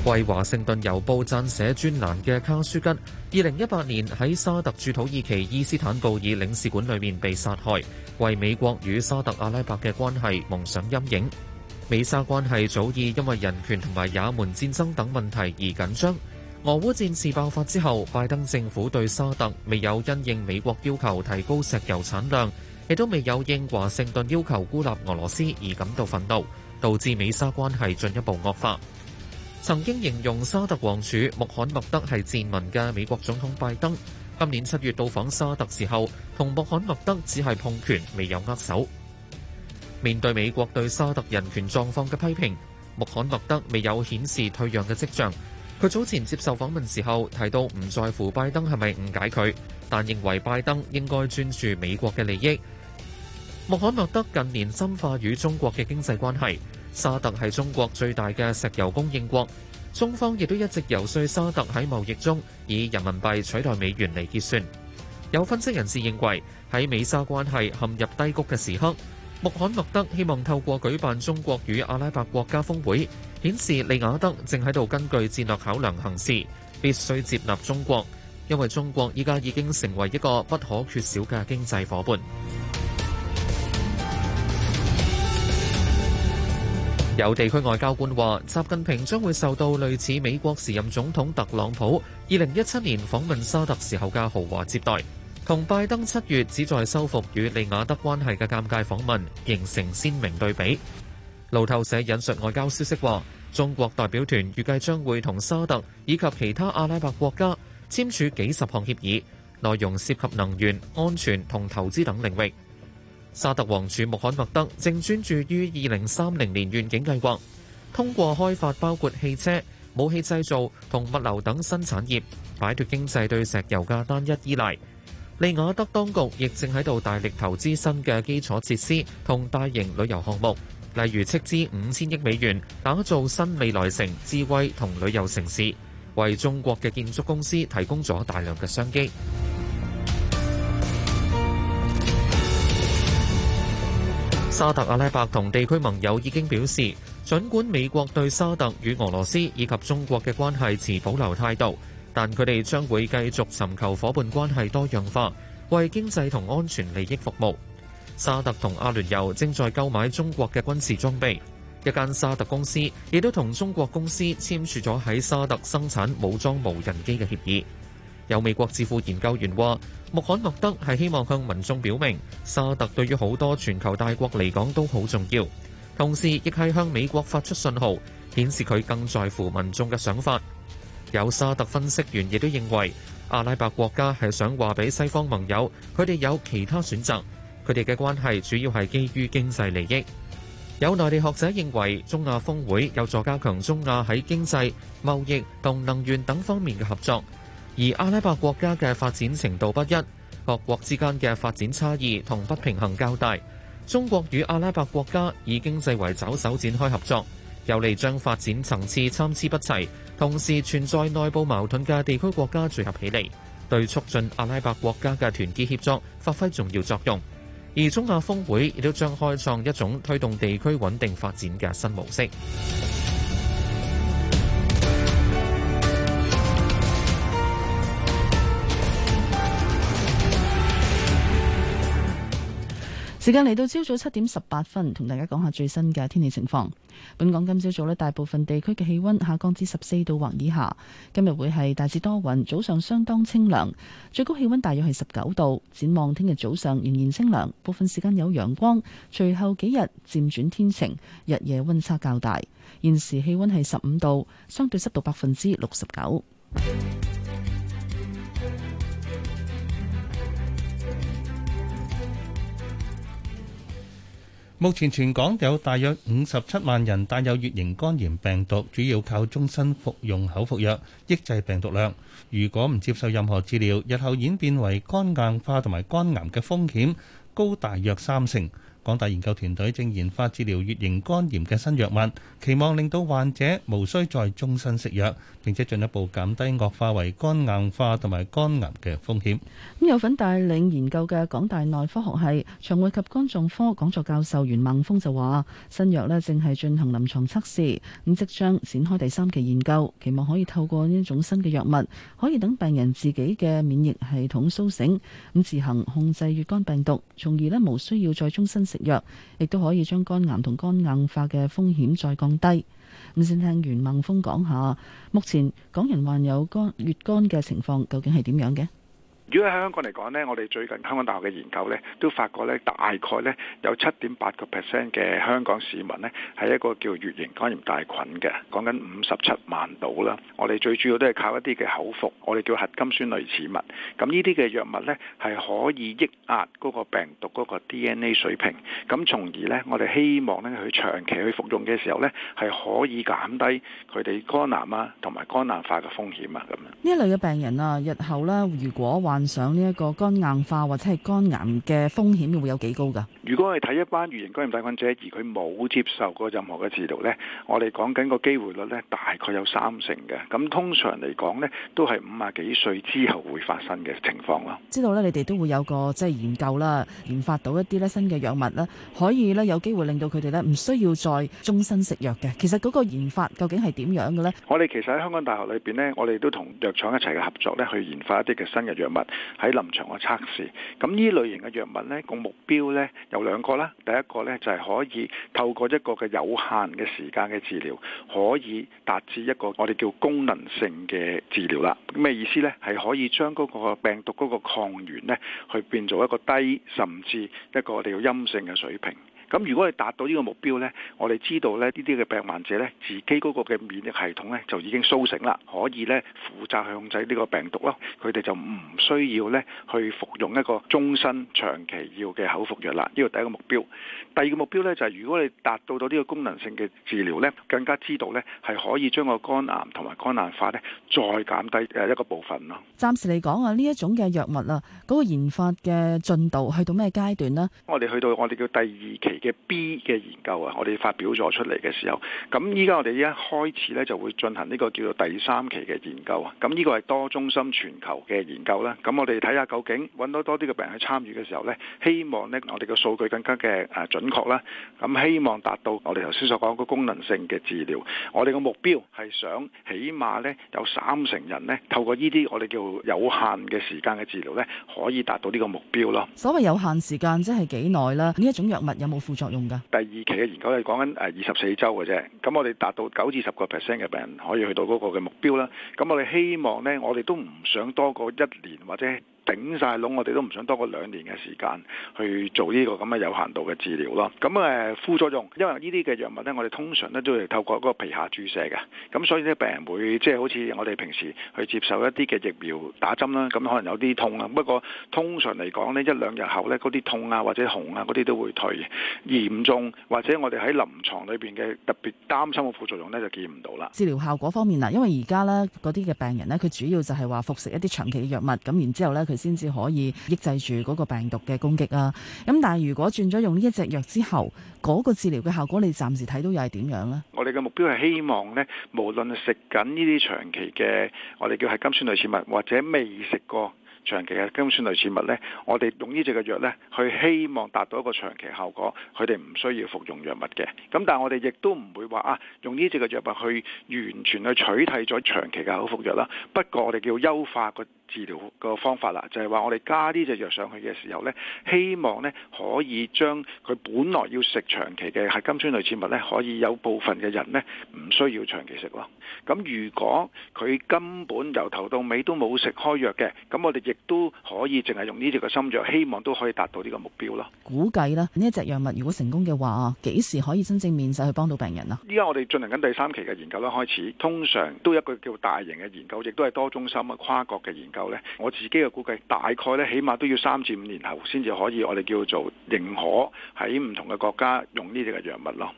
為華盛頓郵報撰寫專欄嘅卡舒吉，二零一八年喺沙特駐土耳其伊斯坦布爾領事館裏面被殺害，為美國與沙特阿拉伯嘅關係蒙上陰影。美沙關係早已因為人權同埋也門戰爭等問題而緊張。俄烏戰事爆發之後，拜登政府對沙特未有因應美國要求提高石油產量，亦都未有應華盛頓要求孤立俄羅斯而感到憤怒，導致美沙關係進一步惡化。曾經形容沙特王儲穆罕默德係賤民嘅美國總統拜登，今年七月到訪沙特時候，同穆罕默德只係碰拳，未有握手。面對美國對沙特人權狀況嘅批評，穆罕默德未有顯示退讓嘅跡象。佢早前接受訪問時候提到，唔在乎拜登係咪誤解佢，但認為拜登應該專注美國嘅利益。穆罕默德近年深化與中國嘅經濟關係，沙特係中國最大嘅石油供應國，中方亦都一直游說沙特喺貿易中以人民幣取代美元嚟結算。有分析人士認為，喺美沙關係陷入低谷嘅時刻，穆罕默德希望透過舉辦中國與阿拉伯國家峰會，顯示利雅德正喺度根據戰略考量行事，必須接納中國，因為中國依家已經成為一個不可缺少嘅經濟夥伴。 有地區外交官話：習近平將會受到類似美國時任總統特朗普二零一七年訪問沙特時候嘅豪華接待。同拜登七月旨在修復與利雅得關係嘅尷尬訪問形成鮮明對比。路透社引述外交消息話，中國代表團預計將會同沙特以及其他阿拉伯國家簽署幾十項協議，內容涉及能源、安全同投資等領域。沙特王儲穆罕默德正專注於二零三零年願景計劃，通過開發包括汽車、武器製造同物流等新產業，擺脫經濟對石油嘅單一依賴。利雅得當局亦正喺度大力投資新嘅基礎設施同大型旅遊項目，例如斥資五千億美元打造新未來城、智慧同旅遊城市，為中國嘅建築公司提供咗大量嘅商機。沙特阿拉伯同地區盟友已經表示，儘管美國對沙特與俄羅斯以及中國嘅關係持保留態度。但佢哋將會繼續尋求夥伴關係多樣化，為經濟同安全利益服務。沙特同阿聯酋正在購買中國嘅軍事裝備，一間沙特公司亦都同中國公司簽署咗喺沙特生產武裝無人機嘅協議。有美國智庫研究員話穆罕默德係希望向民眾表明，沙特對於好多全球大國嚟講都好重要，同時亦係向美國發出信號顯示佢更在乎民眾嘅想法。有沙特分析員亦都認為，阿拉伯國家係想話俾西方盟友，佢哋有其他選擇。佢哋嘅關係主要係基於經濟利益。有內地學者認為，中亞峰會有助加強中亞喺經濟、貿易同能源等方面嘅合作。而阿拉伯國家嘅發展程度不一，各國之間嘅發展差異同不平衡較大。中國與阿拉伯國家以經濟為抓手展開合作。有利將發展層次參差不齊，同時存在內部矛盾嘅地區國家聚合起嚟，對促進阿拉伯國家嘅團結協作發揮重要作用。而中亞峰會亦都將開創一種推動地區穩定發展嘅新模式。時間嚟到朝早七點十八分，同大家講下最新嘅天氣情況。本港今朝早呢，大部分地區嘅氣溫下降至十四度或以下。今日會係大致多雲，早上相當清涼，最高氣溫大約係十九度。展望聽日早上仍然清涼，部分時間有陽光。隨後幾日漸轉天晴，日夜溫差較大。現時氣溫係十五度，相對濕度百分之六十九。目前全港有大約五十七萬人帶有乙型肝炎病毒，主要靠終身服用口服藥抑制病毒量。如果唔接受任何治療，日後演變為肝硬化同埋肝癌嘅風險，高大約三成。港大研究團隊正研發治療乙型肝炎嘅新藥物，期望令到患者無需再終身食藥，並且進一步減低惡化為肝硬化同埋肝癌嘅風險。咁有份帶領研究嘅港大內科學系腸胃及肝臟科講座教授袁孟峰就話：新藥咧正係進行臨床測試，咁即將展開第三期研究，期望可以透過呢種新嘅藥物，可以等病人自己嘅免疫系統甦醒，咁自行控制乙肝病毒，從而咧無需要再終身食藥，亦都可以將肝癌同肝硬化嘅風險再降低。咁先聽袁孟峰講下，目前港人患有肝乙肝嘅情況究竟係點樣嘅？如果喺香港嚟講呢，我哋最近香港大學嘅研究呢，都發覺呢，大概呢有七點八個 percent 嘅香港市民呢係一個叫乙型肝炎大菌嘅，講緊五十七萬度啦。我哋最主要都係靠一啲嘅口服，我哋叫核苷酸類似物。咁呢啲嘅藥物呢係可以抑壓嗰個病毒嗰個 DNA 水平，咁從而呢，我哋希望呢佢長期去服用嘅時候呢，係可以減低佢哋肝癌啊，同埋肝硬化嘅風險啊，咁樣。呢一類嘅病人啊，日後呢如果患上呢一個肝硬化或者係肝癌嘅風險會有幾高㗎？如果我哋睇一班乙型肝炎帶菌者，而佢冇接受過任何嘅治療呢，我哋講緊個機會率呢，大概有三成嘅。咁通常嚟講呢，都係五啊幾歲之後會發生嘅情況咯。知道呢，你哋都會有個即係、就是、研究啦，研發到一啲呢新嘅藥物啦，可以呢，有機會令到佢哋呢唔需要再終身食藥嘅。其實嗰個研發究竟係點樣嘅呢？我哋其實喺香港大學裏邊呢，我哋都同藥廠一齊嘅合作呢，去研發一啲嘅新嘅藥物。喺臨床嘅測試，咁呢類型嘅藥物呢個目標呢有兩個啦。第一個呢，就係可以透過一個嘅有限嘅時間嘅治療，可以達至一個我哋叫功能性嘅治療啦。咩意思呢？係可以將嗰個病毒嗰個抗原呢去變做一個低甚至一個我哋叫陰性嘅水平。咁如果你達到呢個目標呢，我哋知道咧，呢啲嘅病患者呢，自己嗰個嘅免疫系統呢，就已經甦醒啦，可以呢負責控制呢個病毒咯。佢哋就唔需要呢去服用一個終身長期要嘅口服藥啦。呢個第一個目標。第二個目標呢，就係，就係如果你達到到呢個功能性嘅治療呢，更加知道呢係可以將個肝癌同埋肝硬化呢，再減低一個部分咯。暫時嚟講啊，呢一種嘅藥物啦，嗰、嗰個研發嘅進度去到咩階段咧？我哋去到我哋叫第二期。嘅 B 嘅研究啊，我哋發表咗出嚟嘅時候，咁依家我哋一開始咧就會進行呢個叫做第三期嘅研究啊，咁呢個係多中心全球嘅研究啦，咁我哋睇下究竟搵多多啲嘅病人去參與嘅時候咧，希望咧我哋嘅數據更加嘅誒準確啦，咁希望達到我哋頭先所講個功能性嘅治療，我哋嘅目標係想起碼咧有三成人咧透過呢啲我哋叫有限嘅時間嘅治療咧，可以達到呢個目標咯。所謂有限時間即係幾耐啦？呢一種藥物有冇？作用噶，第二期嘅研究係講緊誒二十四周嘅啫，咁我哋達到九至十個 percent 嘅病人可以去到嗰個嘅目標啦。咁我哋希望咧，我哋都唔想多過一年或者。頂晒窿，我哋都唔想多過兩年嘅時間去做呢個咁嘅有限度嘅治療咯。咁誒副作用，因為呢啲嘅藥物咧，我哋通常咧都係透過嗰個皮下注射嘅，咁所以咧病人會即係好似我哋平時去接受一啲嘅疫苗打針啦，咁可能有啲痛啦。不過通常嚟講呢，一兩日後咧，嗰啲痛啊或者紅啊嗰啲都會退。嚴重或者我哋喺臨床裏邊嘅特別擔心嘅副作用咧就見唔到啦。治療效果方面啊，因為而家咧嗰啲嘅病人咧，佢主要就係話服食一啲長期嘅藥物，咁然之後咧。先至可以抑制住嗰個病毒嘅攻擊啊！咁但係如果轉咗用呢一隻藥之後，嗰個治療嘅效果，你暫時睇到又係點樣咧？我哋嘅目標係希望咧，無論食緊呢啲長期嘅，我哋叫係金酸類似物，或者未食過長期嘅金酸類似物咧，我哋用呢隻嘅藥咧，去希望達到一個長期效果，佢哋唔需要服用藥物嘅。咁但係我哋亦都唔會話啊，用呢隻嘅藥物去完全去取締咗長期嘅口服藥啦。不過我哋叫優化個。治療個方法啦，就係話我哋加啲隻藥上去嘅時候呢，希望呢可以將佢本來要食長期嘅核苷酸類似物呢，可以有部分嘅人呢唔需要長期食咯。咁如果佢根本由頭到尾都冇食開藥嘅，咁我哋亦都可以淨係用呢條嘅新藥，希望都可以達到呢個目標咯。估計咧，呢一隻藥物如果成功嘅話，幾時可以真正面世去幫到病人啊？依家我哋進行緊第三期嘅研究啦，開始通常都一個叫大型嘅研究，亦都係多中心啊、跨國嘅研究。夠咧，我自己嘅估計，大概咧，起碼都要三至五年後，先至可以我哋叫做認可喺唔同嘅國家用呢隻嘅藥物咯。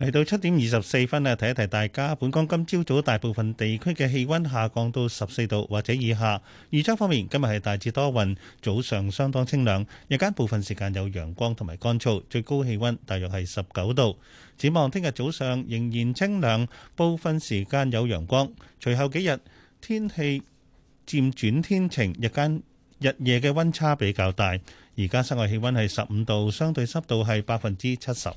嚟到七點二十四分咧，提一提大家。本港今朝早大部分地區嘅氣温下降到十四度或者以下。預測方面，今日係大致多雲，早上相當清涼，日間部分時間有陽光同埋乾燥，最高氣温大約係十九度。展望聽日早上仍然清涼，部分時間有陽光。隨後幾日天氣漸轉天晴，日間日夜嘅温差比較大。而家室外氣温係十五度，相對濕度係百分之七十。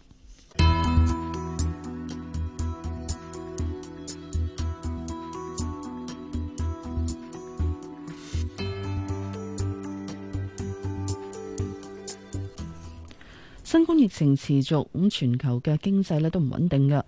新冠疫情持續，咁全球嘅經濟咧都唔穩定嘅。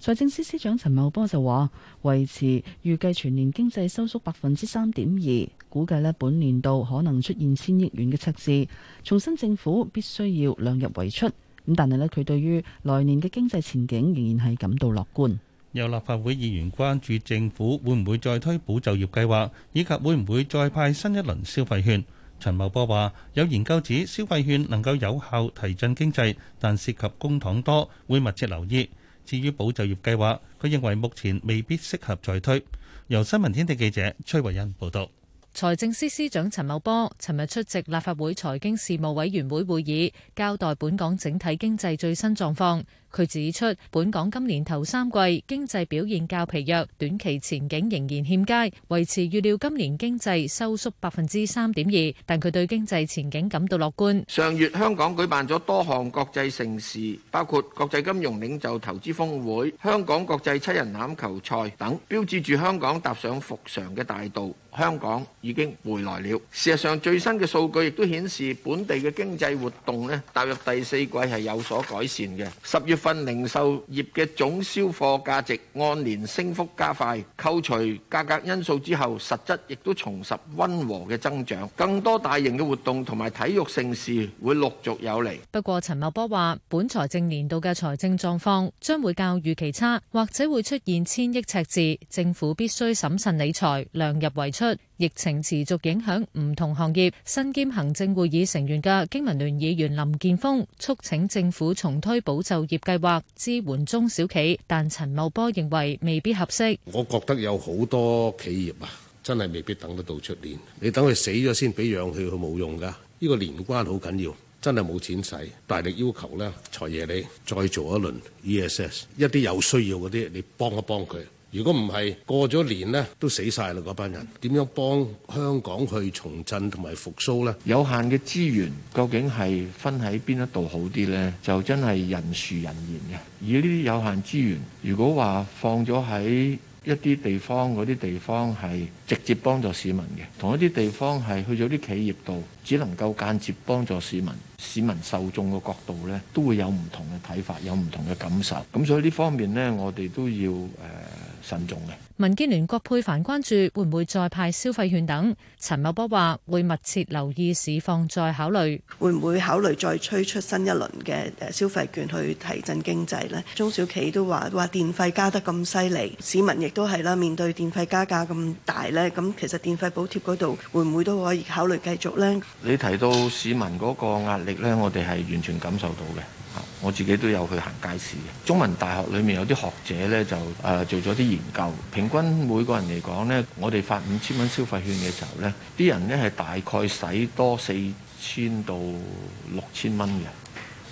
財政司司長陳茂波就話維持預計全年經濟收縮百分之三點二，估計咧本年度可能出現千億元嘅赤字。重新政府必須要量入為出。咁但係咧，佢對於來年嘅經濟前景仍然係感到樂觀，有立法會議員關注政府會唔會再推保就業計劃，以及會唔會再派新一輪消費券。陳茂波話：有研究指消費券能夠有效提振經濟，但涉及公帑多，會密切留意。至於保就業計劃，佢認為目前未必適合再推。由新聞天地記者崔慧欣報道。財政司司長陳茂波尋日出席立法會財經事務委員會會議，交代本港整體經濟最新狀況。佢指出，本港今年頭三季經濟表現較疲弱，短期前景仍然欠佳，維持預料今年經濟收縮百分之三點二。但佢對經濟前景感到樂觀。上月香港舉辦咗多項國際盛事，包括國際金融領袖投資峰會、香港國際七人欖球賽等，標誌住香港踏上復常嘅大道。香港已經回來了。事實上，最新嘅數據亦都顯示本地嘅經濟活動呢，踏入第四季係有所改善嘅。十月。份零售業嘅總銷貨價值按年升幅加快，扣除價格因素之後，實質亦都重拾溫和嘅增長。更多大型嘅活動同埋體育盛事會陸續有嚟。不過陳茂波話，本財政年度嘅財政狀況將會較預期差，或者會出現千億赤字，政府必須審慎理財，量入為出。疫情持續影響唔同行業，身兼行政會議成員嘅經民聯議員林建峰促請政府重推保就業計劃支援中小企，但陳茂波認為未必合適。我覺得有好多企業啊，真係未必等得到出年。你等佢死咗先俾氧氣，佢冇用㗎。呢個年關好緊要，真係冇錢使，大力要求呢財爺你再做一輪 ESS，一啲有需要嗰啲，你幫一幫佢。如果唔係過咗年呢，都死晒啦！嗰班人點樣幫香港去重振同埋復甦呢？有限嘅資源究竟係分喺邊一度好啲呢？就真係人殊人言嘅。而呢啲有限資源，如果話放咗喺一啲地方，嗰啲地方係直接幫助市民嘅，同一啲地方係去咗啲企業度，只能夠間接幫助市民。市民受眾嘅角度呢，都會有唔同嘅睇法，有唔同嘅感受。咁所以呢方面呢，我哋都要誒，呃慎重嘅。民建聯郭佩凡關注會唔會再派消費券等？陳茂波話會密切留意市況再考慮，會唔會考慮再推出新一輪嘅消費券去提振經濟呢？中小企都話話電費加得咁犀利，市民亦都係啦，面對電費加價咁大呢，咁其實電費補貼嗰度會唔會都可以考慮繼續呢？你提到市民嗰個壓力呢，我哋係完全感受到嘅。我自己都有去行街市。嘅中文大學裏面有啲學者呢，就誒做咗啲研究，平均每個人嚟講呢，我哋發五千蚊消費券嘅時候呢，啲人呢係大概使多四千到六千蚊嘅。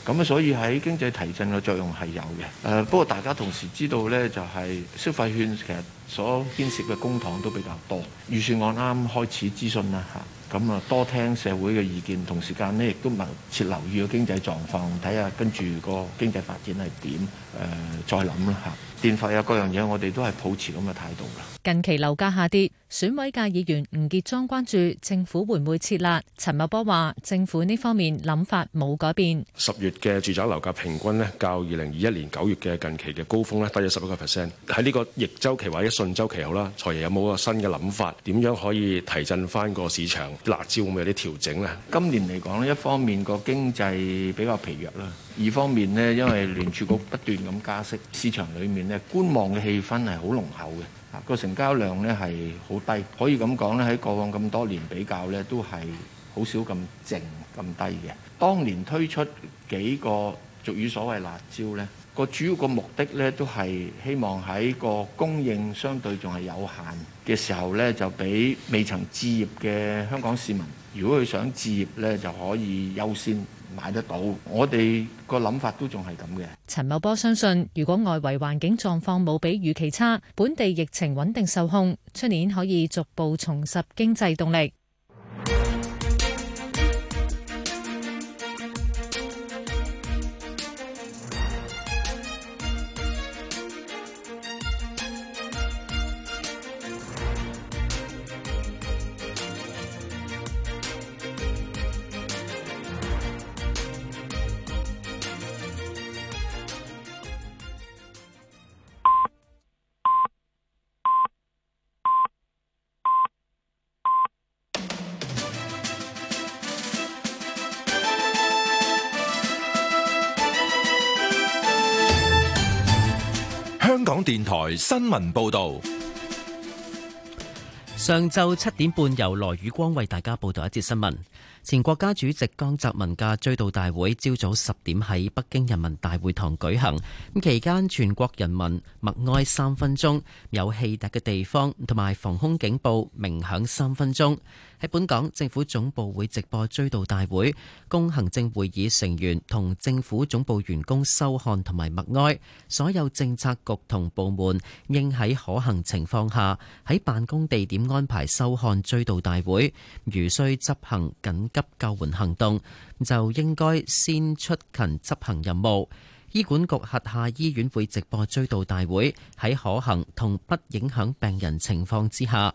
咁所以喺經濟提振嘅作用係有嘅。誒，不過大家同時知道呢，就係消費券其實所牽涉嘅公帑都比較多。預算案啱開始諮詢啦，嚇。咁啊，多聽社會嘅意見，同時間咧亦都密切留意個經濟狀況，睇下跟住個經濟發展係點。誒、呃，再諗啦嚇，電費啊，各樣嘢，我哋都係抱持咁嘅態度啦。近期樓價下跌，選委界議員吳傑莊關注政府會唔會設立。陳茂波話：政府呢方面諗法冇改變。十月嘅住宅樓價平均咧，較二零二一年九月嘅近期嘅高峰咧，低咗十一個 percent。喺呢個逆周期或者順周期後啦，財爺有冇個新嘅諗法，點樣可以提振翻個市場？辣招會唔會有啲調整啊？今年嚟講咧，一方面個經濟比較疲弱啦。二方面呢，因為聯儲局不斷咁加息，市場裏面呢，觀望嘅氣氛係好濃厚嘅，個成交量呢係好低，可以咁講呢，喺過往咁多年比較呢都係好少咁靜咁低嘅。當年推出幾個俗語所謂辣招呢個主要個目的呢，都係希望喺個供應相對仲係有限嘅時候呢，就俾未曾置業嘅香港市民，如果佢想置業呢，就可以優先。買得到，我哋個諗法都仲係咁嘅。陳茂波相信，如果外圍環境狀況冇比預期差，本地疫情穩定受控，出年可以逐步重拾經濟動力。新聞報道，上晝七點半由羅宇光為大家報道一節新聞。前國家主席江澤民嘅追悼大會，朝早十點喺北京人民大會堂舉行。咁期間，全國人民默哀三分鐘，有汽笛嘅地方同埋防空警報鳴響三分鐘。喺本港政府總部會直播追悼大會，供行政會議成員同政府總部員工收看同埋默哀。所有政策局同部門應喺可行情況下喺辦公地點安排收看追悼大會。如需執行緊急救援行動，就應該先出勤執行任務。醫管局轄下醫院會直播追悼大會，喺可行同不影響病人情況之下。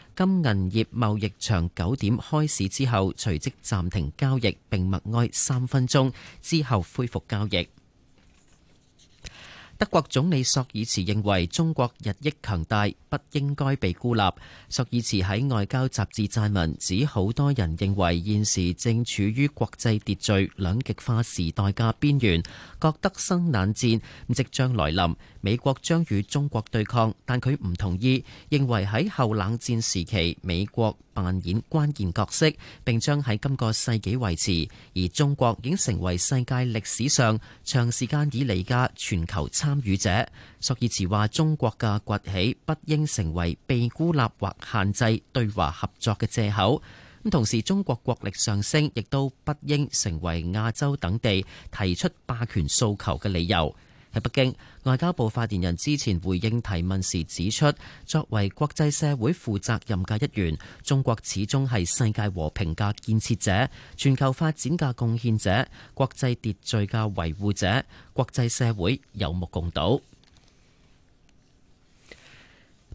金銀業貿易場九點開市之後，隨即暫停交易，並默哀三分鐘，之後恢復交易。德國總理索爾茨認為中國日益強大，不應該被孤立。索爾茨喺外交雜誌撰文指好多人認為現時正處於國際秩序兩極化時代嘅邊緣，覺得生冷戰即將來臨。美國將與中國對抗，但佢唔同意，認為喺後冷戰時期，美國扮演關鍵角色，並將喺今個世紀維持。而中國已經成為世界歷史上長時間以嚟嘅全球參與者。索爾茨話，中國嘅崛起，不應成為被孤立或限制對華合作嘅借口。同時，中國國力上升，亦都不應成為亞洲等地提出霸權訴求嘅理由。喺北京，外交部發言人之前回應提問時指出，作為國際社會負責任嘅一員，中國始終係世界和平嘅建設者、全球發展嘅貢獻者、國際秩序嘅維護者，國際社會有目共睹。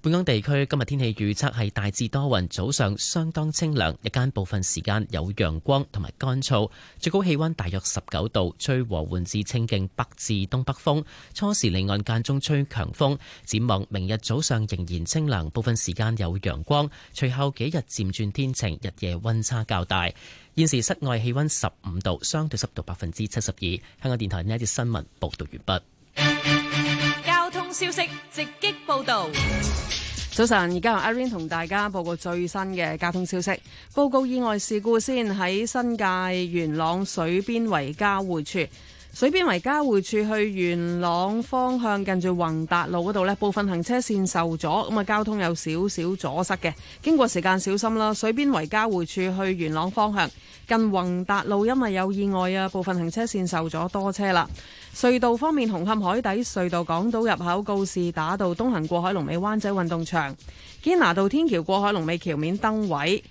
本港地區今日天氣預測係大致多雲，早上相當清涼，日間部分時間有陽光同埋乾燥，最高氣溫大約十九度，吹和緩至清勁北至東北風，初時離岸間中吹強風。展望明日早上仍然清涼，部分時間有陽光，隨後幾日漸轉天晴，日夜溫差較大。現時室外氣溫十五度，相對濕度百分之七十二。香港電台呢一節新聞報道完畢。消息直擊報道。早晨，而家由 Irene 同大家報告最新嘅交通消息。報告意外事故先喺新界元朗水邊圍交匯處，水邊圍交匯處去元朗方向，近住宏達路嗰度咧，部分行車線受阻，咁啊，交通有少少阻塞嘅。經過時間小心啦。水邊圍交匯處去元朗方向，近宏達路，因為有意外啊，部分行車線受阻，多車啦。隧道方面，紅磡海底隧道港島入口告士打道東行過海龍尾灣仔運動場、堅拿道天橋過海龍尾橋面燈位；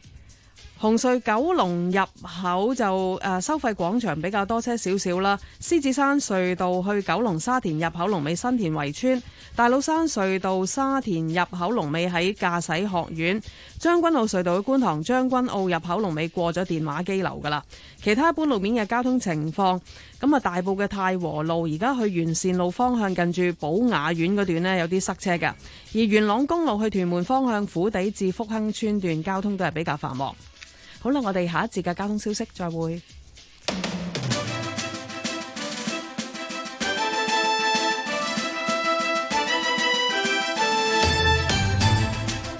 紅隧九龍入口就誒、啊、收費廣場比較多車少少啦。獅子山隧道去九龍沙田入口龍尾新田圍村；大老山隧道沙田入口龍尾喺駕駛學院；將軍澳隧道嘅觀塘將軍澳入口龍尾過咗電話機樓噶啦。其他一般路面嘅交通情況。咁啊，大埔嘅太和路而家去完善路方向近住寶雅苑嗰段呢，有啲塞車㗎。而元朗公路去屯門方向虎地至福亨村段，交通都係比較繁忙。好啦，我哋下一節嘅交通消息，再會。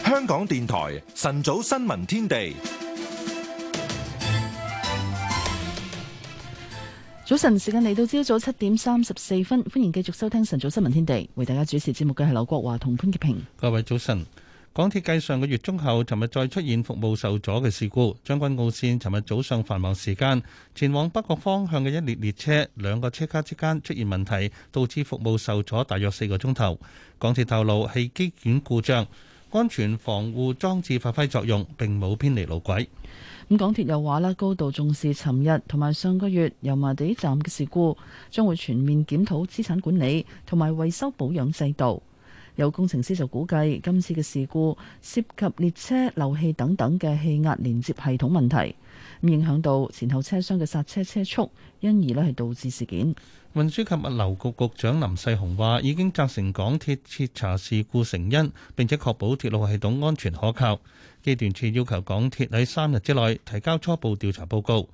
香港電台晨早新聞天地。早晨，時間嚟到朝早七點三十四分，歡迎繼續收聽晨早新聞天地，為大家主持節目嘅係劉國華同潘潔平。各位早晨，港鐵繼上個月中後，尋日再出現服務受阻嘅事故。將軍澳綫尋日早上繁忙時間，前往北角方向嘅一列列車，兩個車卡之間出現問題，導致服務受阻大約四個鐘頭。港鐵透露係機件故障，安全防護裝置發揮作用，並冇偏離路軌。咁港鐵又話啦，高度重視尋日同埋上個月油麻地站嘅事故，將會全面檢討資產管理同埋維修保養制度。有工程師就估計今次嘅事故涉及列車漏氣等等嘅氣壓連接系統問題，咁影響到前後車廂嘅煞車車速，因而咧係導致事件。運輸及物流局局長林世雄話：已經責成港鐵徹查事故成因，並且確保鐵路系統安全可靠。機電署要求港鐵喺三日之內提交初步調查報告。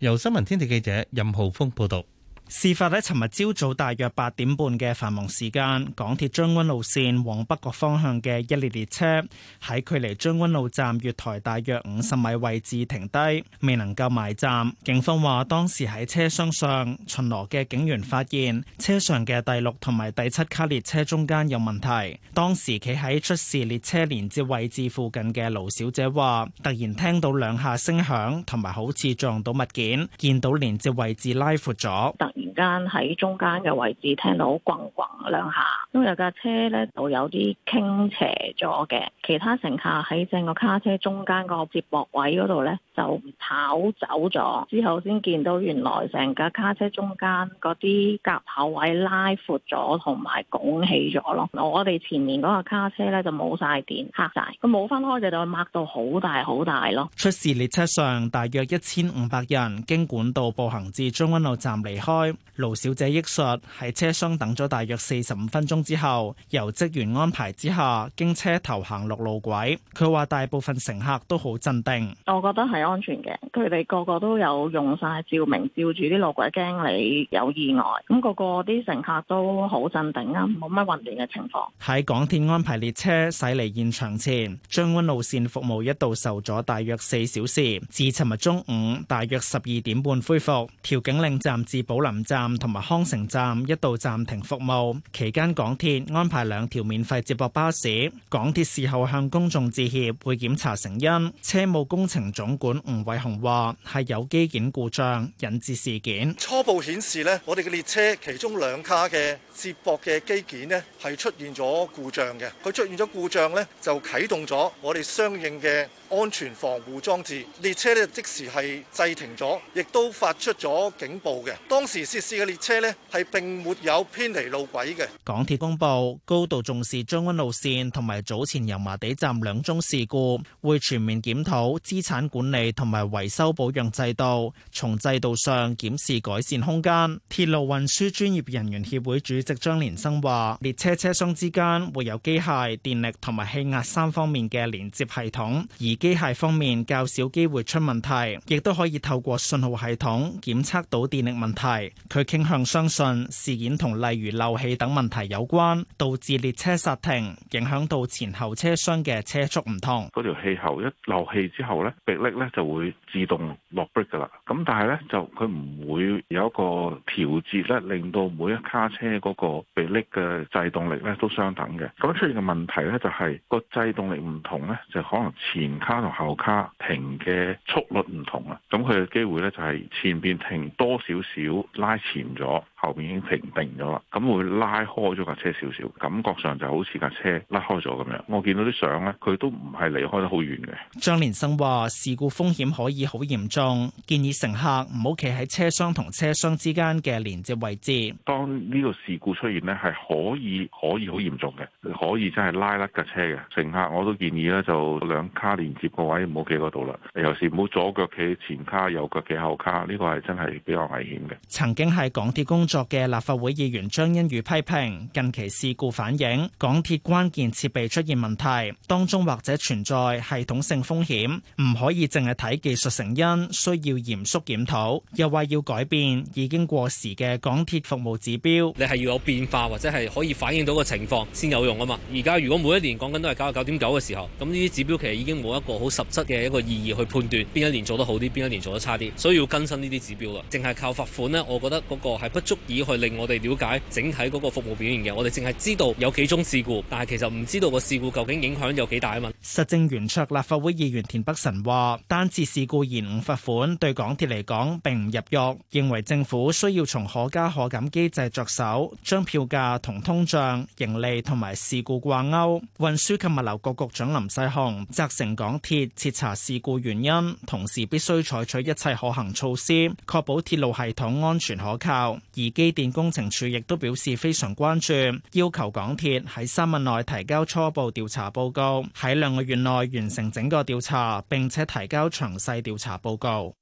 由新聞天地記者任浩峰報道。事發喺尋日朝早大約八點半嘅繁忙時間，港鐵將軍澳線往北角方向嘅一列列車喺距離將軍澳站月台大約五十米位置停低，未能夠埋站。警方話，當時喺車廂上巡邏嘅警員發現車上嘅第六同埋第七卡列車中間有問題。當時企喺出事列車連接位置附近嘅盧小姐話，突然聽到兩下聲響，同埋好似撞到物件，見到連接位置拉闊咗。突然間喺中間嘅位置聽到咣咣兩下，因為有架車咧就有啲傾斜咗嘅，其他乘客喺正個卡車中間個接駁位嗰度咧就跑走咗，之後先見到原來成架卡車中間嗰啲夾口位拉闊咗同埋拱起咗咯，我哋前面嗰個卡車咧就冇晒電黑晒，咁，冇分開就就擘到好大好大咯。出事列車上大約一千五百人，經管道步行至中溫路站離開。盧小姐憶述喺車廂等咗大約四十五分鐘之後，由職員安排之下，經車頭行落路軌。佢話大部分乘客都好鎮定，我覺得係安全嘅。佢哋個個都有用晒照明照住啲路軌，驚你有意外。咁、那個個啲乘客都好鎮定啊，冇乜混亂嘅情況。喺港鐵安排列車駛離現場前，將軍澳綫服務一度受阻大約四小時，至尋日中午大約十二點半恢復。調景嶺站至寶琳站同埋康城站一度暫停服務，期間港鐵安排兩條免費接駁巴士。港鐵事後向公眾致歉，會檢查成因。車務工程總管吳偉雄話，係有機件故障引致事件。初步顯示咧，我哋嘅列車其中兩卡嘅接駁嘅機件咧，係出現咗故障嘅，佢出現咗故障咧，就啟動咗我哋相應嘅安全防護裝置，列車呢即時係制停咗，亦都發出咗警報嘅。當時涉事嘅列車呢係並沒有偏離路軌嘅。港鐵公布，高度重視將軍路線同埋早前油麻地站兩宗事故，會全面檢討資產管理同埋維修保養制度，從制度上檢視改善空間。鐵路運輸專業人員協會主席張連生話，列車車廂之間會有機械、電力同埋氣壓三方面嘅連接系統。而機械方面較少機會出問題，亦都可以透過信號系統檢測到電力問題。佢傾向相信事件同例如漏氣等問題有關，導致列車剎停，影響到前後車廂嘅車速唔同。嗰條氣喉一漏氣之後呢，迫力呢就會自動落 brake 噶啦。咁但係呢，就佢唔會有一個調節咧，令到每一卡車嗰個迫力嘅制動力呢都相等嘅。咁出現嘅問題呢，就係個制動力唔同呢，就可能前卡同後卡停嘅速率唔同啊，咁佢嘅機會咧就係前邊停多少少，拉前咗。後面已經停定咗啦，咁會拉開咗架車少少，感覺上就好似架車甩開咗咁樣。我見到啲相咧，佢都唔係離開得好遠嘅。張連生話：事故風險可以好嚴重，建議乘客唔好企喺車廂同車廂之間嘅連接位置。當呢個事故出現呢，係可以可以好嚴重嘅，可以真係拉甩架車嘅乘客。我都建議咧，就兩卡連接個位唔好企嗰度啦。尤其是唔好左腳企前卡，右腳企後卡，呢個係真係比較危險嘅。曾經係港鐵公作嘅立法會議員張欣宇批評近期事故反映港鐵關鍵設備出現問題，當中或者存在系統性風險，唔可以淨係睇技術成因，需要嚴肅檢討。又話要改變已經過時嘅港鐵服務指標，你係要有變化或者係可以反映到個情況先有用啊嘛。而家如果每一年講緊都係九十九點九嘅時候，咁呢啲指標其實已經冇一個好實質嘅一個意義去判斷邊一年做得好啲，邊一年做得差啲，所以要更新呢啲指標啦。淨係靠罰款呢，我覺得嗰個係不足。以去令我哋了解整體嗰個服務表現嘅，我哋淨係知道有幾宗事故，但係其實唔知道個事故究竟影響有幾大啊嘛。實政圓桌立法會議員田北辰話單次事故延誤罰款對港鐵嚟講並唔入約，認為政府需要從可加可減機制着手，將票價同通脹盈利同埋事故掛鈎。運輸及物流局局長林世雄責成港鐵徹查事故原因，同時必須採取一切可行措施，確保鐵路系統安全可靠。而機電工程署亦都表示非常關注，要求港鐵喺三日內提交初步調查報告，喺兩個月內完成整個調查，並且提交詳細調查報告。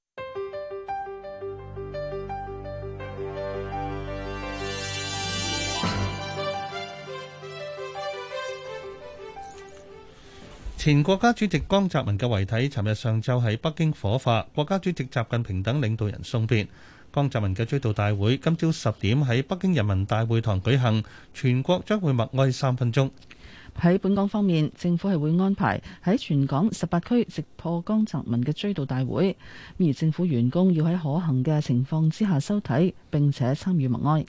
前國家主席江澤民嘅遺體，尋日上晝喺北京火化。國家主席習近平等領導人送別江澤民嘅追悼大會，今朝十點喺北京人民大會堂舉行，全國將會默哀三分鐘。喺本港方面，政府係會安排喺全港十八區直播江澤民嘅追悼大會，而政府員工要喺可行嘅情況之下收睇並且參與默哀。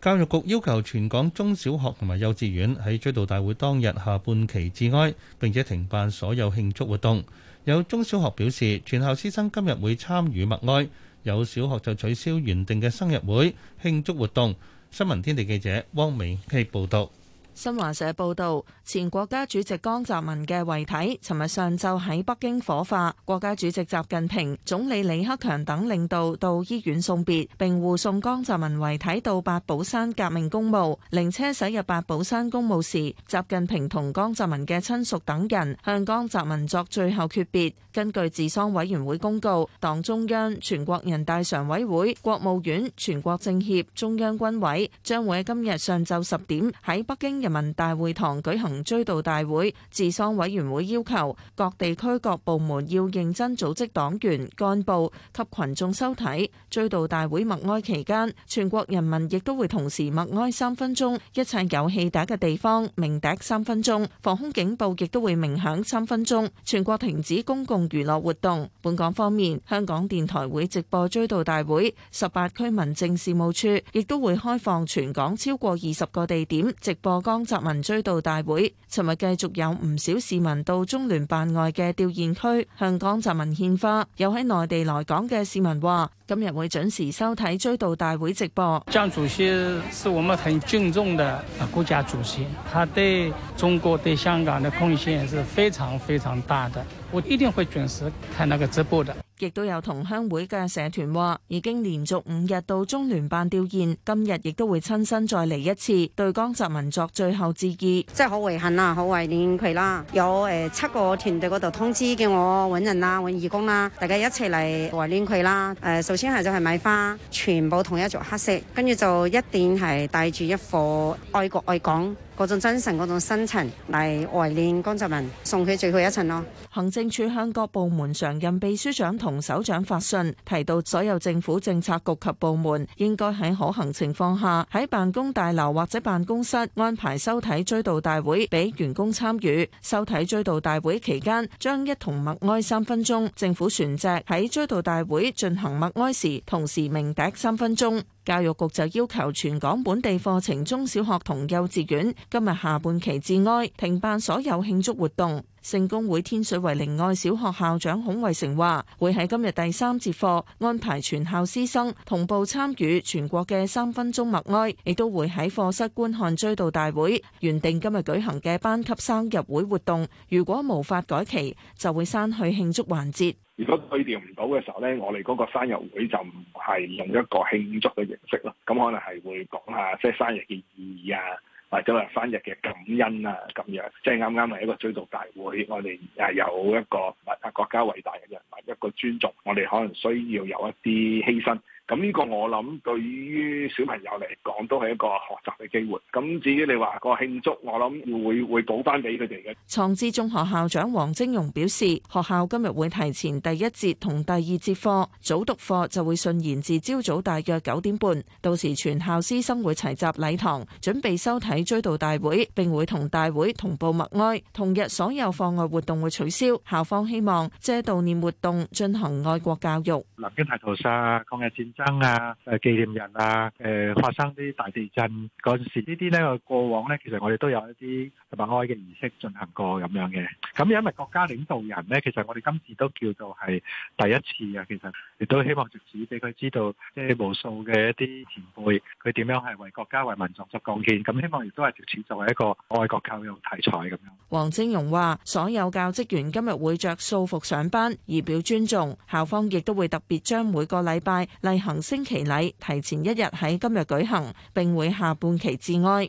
教育局要求全港中小學同埋幼稚園喺追悼大會當日下半旗致哀，並且停辦所有慶祝活動。有中小學表示，全校師生今日會參與默哀；有小學就取消原定嘅生日會慶祝活動。新聞天地記者汪美希報道。新華社報道，前國家主席江澤民嘅遺體尋日上晝喺北京火化。國家主席習近平、總理李克強等領導到醫院送別，並護送江澤民遺體到八寶山革命公墓。靈車駛入八寶山公墓時，習近平同江澤民嘅親屬等人向江澤民作最後訣別。根據治喪委員會公告，黨中央、全國人大常委會、國務院、全國政協、中央軍委將會喺今日上晝十點喺北京。人民大會堂舉行追悼大會，治喪委員會要求各地區各部門要認真組織黨員、幹部及群眾收睇。追悼大會默哀期間，全國人民亦都會同時默哀三分鐘，一切有氣笛嘅地方鳴笛三分鐘，防空警報亦都會鳴響三分鐘，全國停止公共娛樂活動。本港方面，香港電台會直播追悼大會，十八區民政事務處亦都會開放全港超過二十個地點直播江澤民追悼大會，尋日繼續有唔少市民到中聯辦外嘅吊唁區向江澤民獻花。有喺內地來港嘅市民話。今日會準時收睇追悼大會直播。江主席是我們很敬重的國家主席，他對中國對香港的貢獻是非常非常大的。我一定會準時看那個直播的。亦都有同鄉會嘅社團話，已經連續五日到中聯辦弔唁，今日亦都會親身再嚟一次，對江澤民作最後致意。真係好遺憾啊，好懷念佢啦。有誒、呃、七個團隊嗰度通知叫我揾人啦，揾義工啦，大家一齊嚟懷念佢啦。誒，呃首先係就係米花，全部同一種黑色，跟住就一定係戴住一顆愛國愛港。嗰種精神，嗰種心情嚟懷念江澤民，送佢最後一程咯。行政署向各部門常任秘書長同首長發信，提到所有政府政策局及部門應該喺可行情況下，喺辦公大樓或者辦公室安排收睇追悼大會俾員工參與。收睇追悼大會期間，將一同默哀三分鐘。政府船隻喺追悼大會進行默哀時，同時鳴笛三分鐘。教育局就要求全港本地課程中小學同幼稚園今日下半期致哀，停辦所有慶祝活動，聖公會天水圍靈愛小學校長孔惠成話會喺今日第三節課安排全校師生同步參與全國嘅三分鐘默哀，亦都會喺課室觀看追悼大會，原定今日舉行嘅班級生日會活動，如果無法改期，就會刪去慶祝環節。如果對調唔到嘅時候咧，我哋嗰個生日會就唔係用一個慶祝嘅形式咯，咁可能係會講下即係生日嘅意義啊，或者話生日嘅感恩啊，咁樣即係啱啱係一個追悼大會，我哋啊有一個啊國家偉大嘅人物一個尊重。我哋可能需要有一啲犧牲。咁呢個我諗對於小朋友嚟講都係一個學習嘅機會。咁至於你話、嗰個慶祝我，我諗會會補翻俾佢哋嘅。創智中學校長黃晶容表示，學校今日會提前第一節同第二節課，早讀課就會順延至朝早大約九點半。到時全校師生會齊集禮堂準備收睇追悼大會，並會同大會同步默哀。同日所有課外活動會取消。校方希望借悼念活動進行愛國教育。南京大屠殺抗日戰生啊，誒紀念日啊，誒發生啲大地震嗰陣時，呢啲咧過往呢，其實我哋都有一啲默哀嘅儀式進行過咁樣嘅。咁因為國家領導人呢，其實我哋今次都叫做係第一次啊，其實亦都希望借此俾佢知道，即係無數嘅一啲前輩佢點樣係為國家為民族作貢獻。咁希望亦都係借此作為一個愛國教育題材咁樣。黃正容話：所有教職員今日會着素服上班，以表尊重。校方亦都會特別將每個禮拜例行升旗禮，提前一日喺今日舉行，並會下半旗致哀。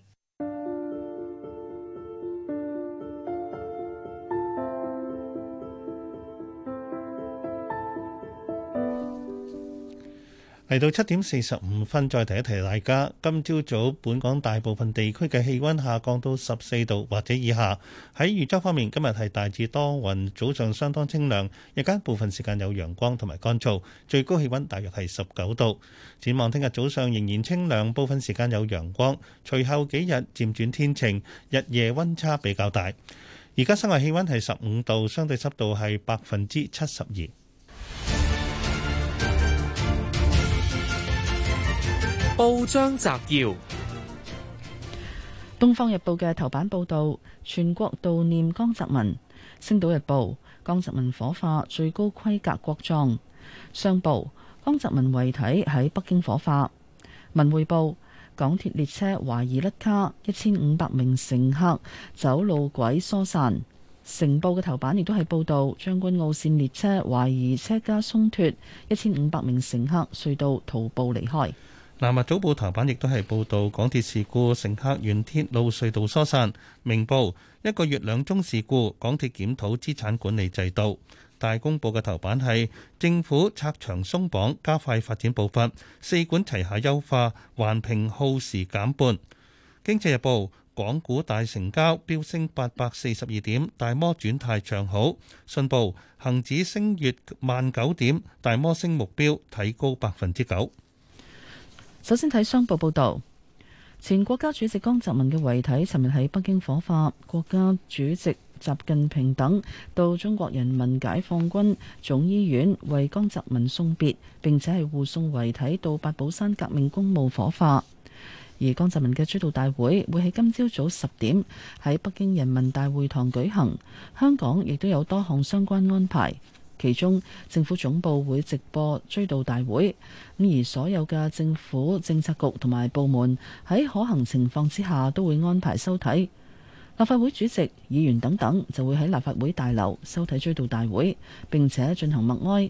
嚟到七點四十五分，再提一提大家。今朝早本港大部分地區嘅氣温下降到十四度或者以下。喺預測方面，今日係大致多雲，早上相當清涼，日間部分時間有陽光同埋乾燥，最高氣温大約係十九度。展望聽日早上仍然清涼，部分時間有陽光，隨後幾日漸轉天晴，日夜温差比較大。而家室外氣温係十五度，相對濕度係百分之七十二。報章摘要：《東方日報》嘅頭版報道全國悼念江澤民，《星島日報》江澤民火化最高規格國葬，《商報》江澤民遺體喺北京火化，《文匯報》港鐵列車懷疑甩卡，一千五百名乘客走路軌疏散，《城報》嘅頭版亦都係報道將軍澳綫列車懷疑車卡鬆脱，一千五百名乘客隧道徒步離開。南華早報，頭版亦都係報道港鐵事故，乘客沿鐵路隧道疏散。明報，一個月兩宗事故，港鐵檢討資產管理制度。大公報嘅頭版係政府拆牆鬆綁，加快發展步伐，四管齊下優化環評耗時減半。經濟日報港股大成交，飆升八百四十二點，大摩轉態唱好。信報恒指升逾萬九點，大摩升目標提高百分之九。首先睇商報報導，前國家主席江澤民嘅遺體尋日喺北京火化，國家主席習近平等到中國人民解放軍總醫院為江澤民送別，並且係護送遺體到八寶山革命公墓火化。而江澤民嘅追悼大會會喺今朝早十點喺北京人民大會堂舉行，香港亦都有多項相關安排。其中，政府總部會直播追悼大會，咁而所有嘅政府政策局同埋部門喺可行情況之下都會安排收睇。立法會主席、議員等等就會喺立法會大樓收睇追悼大會，並且進行默哀。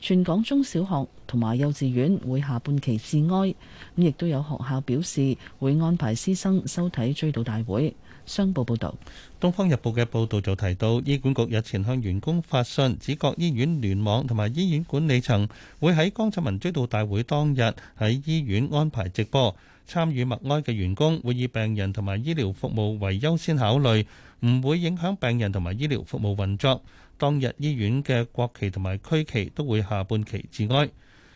全港中小學同埋幼稚園會下半旗致哀，咁亦都有學校表示會安排師生收睇追悼大會。商報報道，《東方日報》嘅報道就提到，醫管局日前向員工發信，指各醫院聯網同埋醫院管理層會喺江澤民追悼大會當日喺醫院安排直播，參與默哀嘅員工會以病人同埋醫療服務為優先考慮，唔會影響病人同埋醫療服務運作。當日醫院嘅國旗同埋區旗都會下半旗致哀。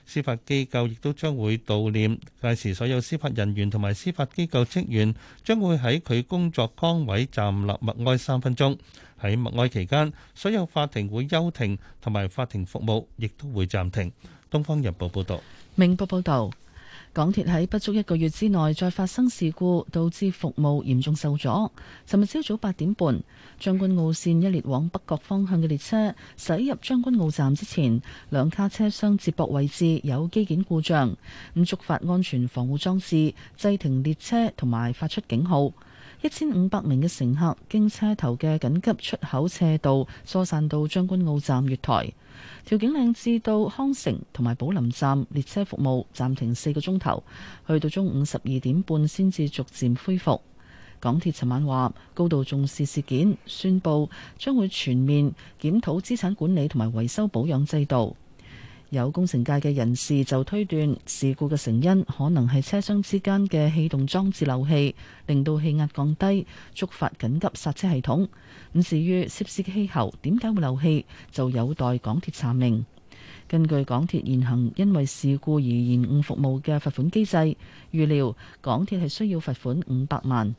司法機構亦都將會悼念，屆時所有司法人員同埋司法機構職員將會喺佢工作崗位站立默哀三分鐘。喺默哀期間，所有法庭會休庭，同埋法庭服務亦都會暫停。《東方日報》報導，明報報導。港鐵喺不足一個月之內再發生事故，導致服務嚴重受阻。尋日朝早八點半，將軍澳線一列往北角方向嘅列車駛入將軍澳站之前，兩卡車廂接駁位置有機件故障，咁觸發安全防護裝置，制停列車同埋發出警號。一千五百名嘅乘客經車頭嘅緊急出口斜道疏散到將軍澳站月台。調景嶺至到康城同埋寶林站列車服務暫停四個鐘頭，去到中午十二點半先至逐漸恢復。港鐵尋晚話，高度重視事件，宣布將會全面檢討資產管理同埋維修保養制度。有工程界嘅人士就推斷事故嘅成因可能係車廂之間嘅氣動裝置漏氣，令到氣壓降低，觸發緊急剎車系統。咁至於涉事嘅氣喉點解會漏氣，就有待港鐵查明。根據港鐵現行因為事故而延誤服務嘅罰款機制，預料港鐵係需要罰款五百萬。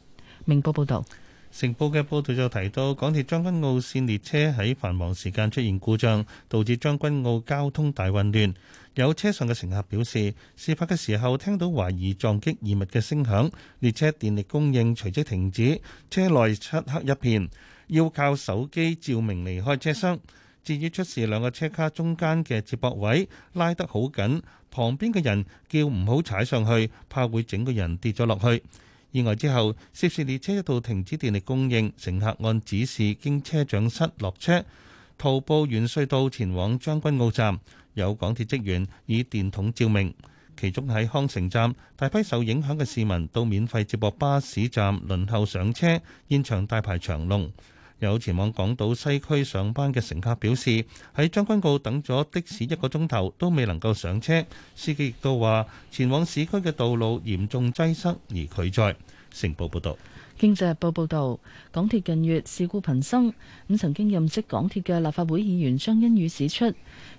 明報報道。成報嘅報導就提到，港鐵將軍澳線列車喺繁忙時間出現故障，導致將軍澳交通大混亂。有車上嘅乘客表示，事發嘅時候聽到懷疑撞擊異物嘅聲響，列車電力供應隨即停止，車內漆黑一片，要靠手機照明離開車廂。至於出事兩個車卡中間嘅接駁位拉得好緊，旁邊嘅人叫唔好踩上去，怕會整個人跌咗落去。意外之後，涉事列車一度停止電力供應，乘客按指示經車長室落車，徒步沿隧道前往將軍澳站。有港鐵職員以電筒照明。其中喺康城站，大批受影響嘅市民到免費接駁巴士站輪候上車，現場大排長龍。有前往港島西區上班嘅乘客表示，喺將軍澳等咗的士一個鐘頭都未能夠上車，司機亦都話前往市區嘅道路嚴重擠塞而拒載。成報報道，《經濟日報》報道，港鐵近月事故頻生，咁曾經任職港鐵嘅立法會議員張欣宇指出，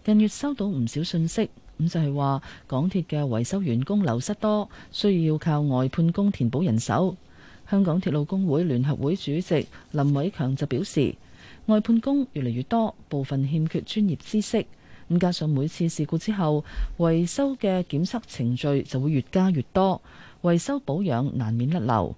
近月收到唔少信息，咁就係話港鐵嘅維修員工流失多，需要靠外判工填補人手。香港鐵路工會聯合會主席林偉強就表示，外判工越嚟越多，部分欠缺專業知識，咁加上每次事故之後，維修嘅檢測程序就會越加越多，維修保養難免甩漏。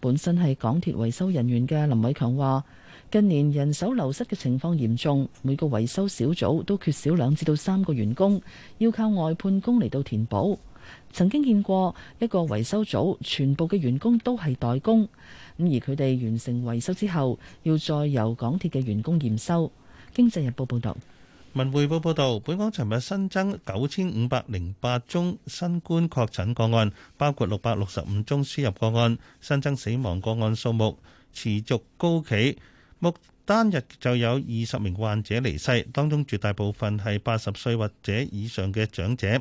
本身係港鐵維修人員嘅林偉強話，近年人手流失嘅情況嚴重，每個維修小組都缺少兩至到三個員工，要靠外判工嚟到填補。曾經見過一個維修組，全部嘅員工都係代工。咁而佢哋完成維修之後，要再由港鐵嘅員工驗收。經濟日報報道，文匯報報道，本港尋日新增九千五百零八宗新冠確診個案，包括六百六十五宗輸入個案。新增死亡個案數目持續高企，目單日就有二十名患者離世，當中絕大部分係八十歲或者以上嘅長者。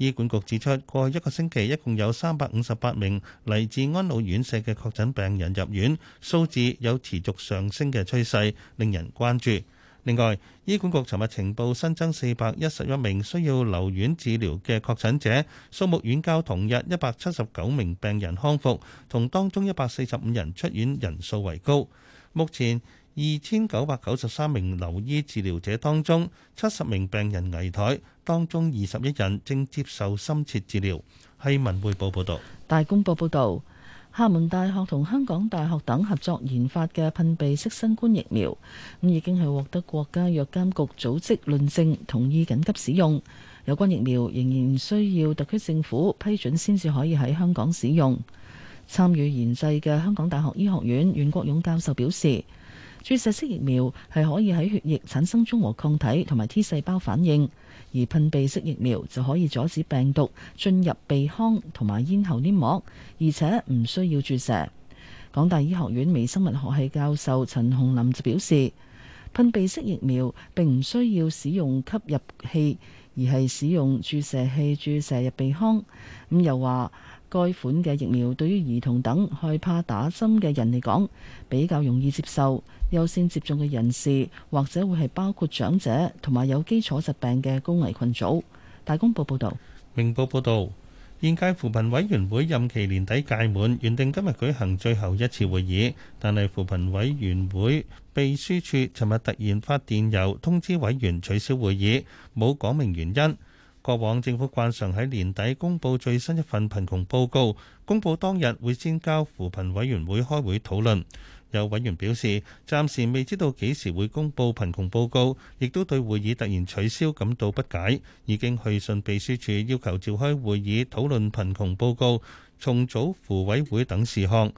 醫管局指出，過去一個星期一共有三百五十八名嚟自安老院舍嘅確診病人入院，數字有持續上升嘅趨勢，令人關注。另外，醫管局尋日情報新增四百一十一名需要留院治療嘅確診者，數目遠較同日一百七十九名病人康復，同當中一百四十五人出院，人數為高。目前二千九百九十三名留醫治療者當中，七十名病人危殆，當中二十一人正接受深切治療。係文匯報報道，大公報報道，廈門大學同香港大學等合作研發嘅噴鼻式新冠疫苗咁已經係獲得國家藥監局組織論證同意緊急使用。有關疫苗仍然需要特區政府批准，先至可以喺香港使用。參與研製嘅香港大學醫學院袁國勇教授表示。注射式疫苗係可以喺血液產生中和抗體同埋 T 細胞反應，而噴鼻式疫苗就可以阻止病毒進入鼻腔同埋咽喉黏膜，而且唔需要注射。港大醫學院微生物學系教授陳洪林就表示，噴鼻式疫苗並唔需要使用吸入器，而係使用注射器注射入鼻腔。咁、嗯、又話。該款嘅疫苗對於兒童等害怕打針嘅人嚟講比較容易接受，優先接種嘅人士或者會係包括長者同埋有基礎疾病嘅高危群組。大公報報道，明報報道，現屆扶貧委員會任期年底屆滿，原定今日舉行最後一次會議，但係扶貧委員會秘書處尋日突然發電郵通知委員取消會議，冇講明原因。過往政府慣常喺年底公布最新一份貧窮報告，公布當日會先交扶貧委員會開會討論。有委員表示，暫時未知道幾時會公布貧窮報告，亦都對會議突然取消感到不解，已經去信秘書處要求召開會議討論貧窮報告、重組扶委會等事項。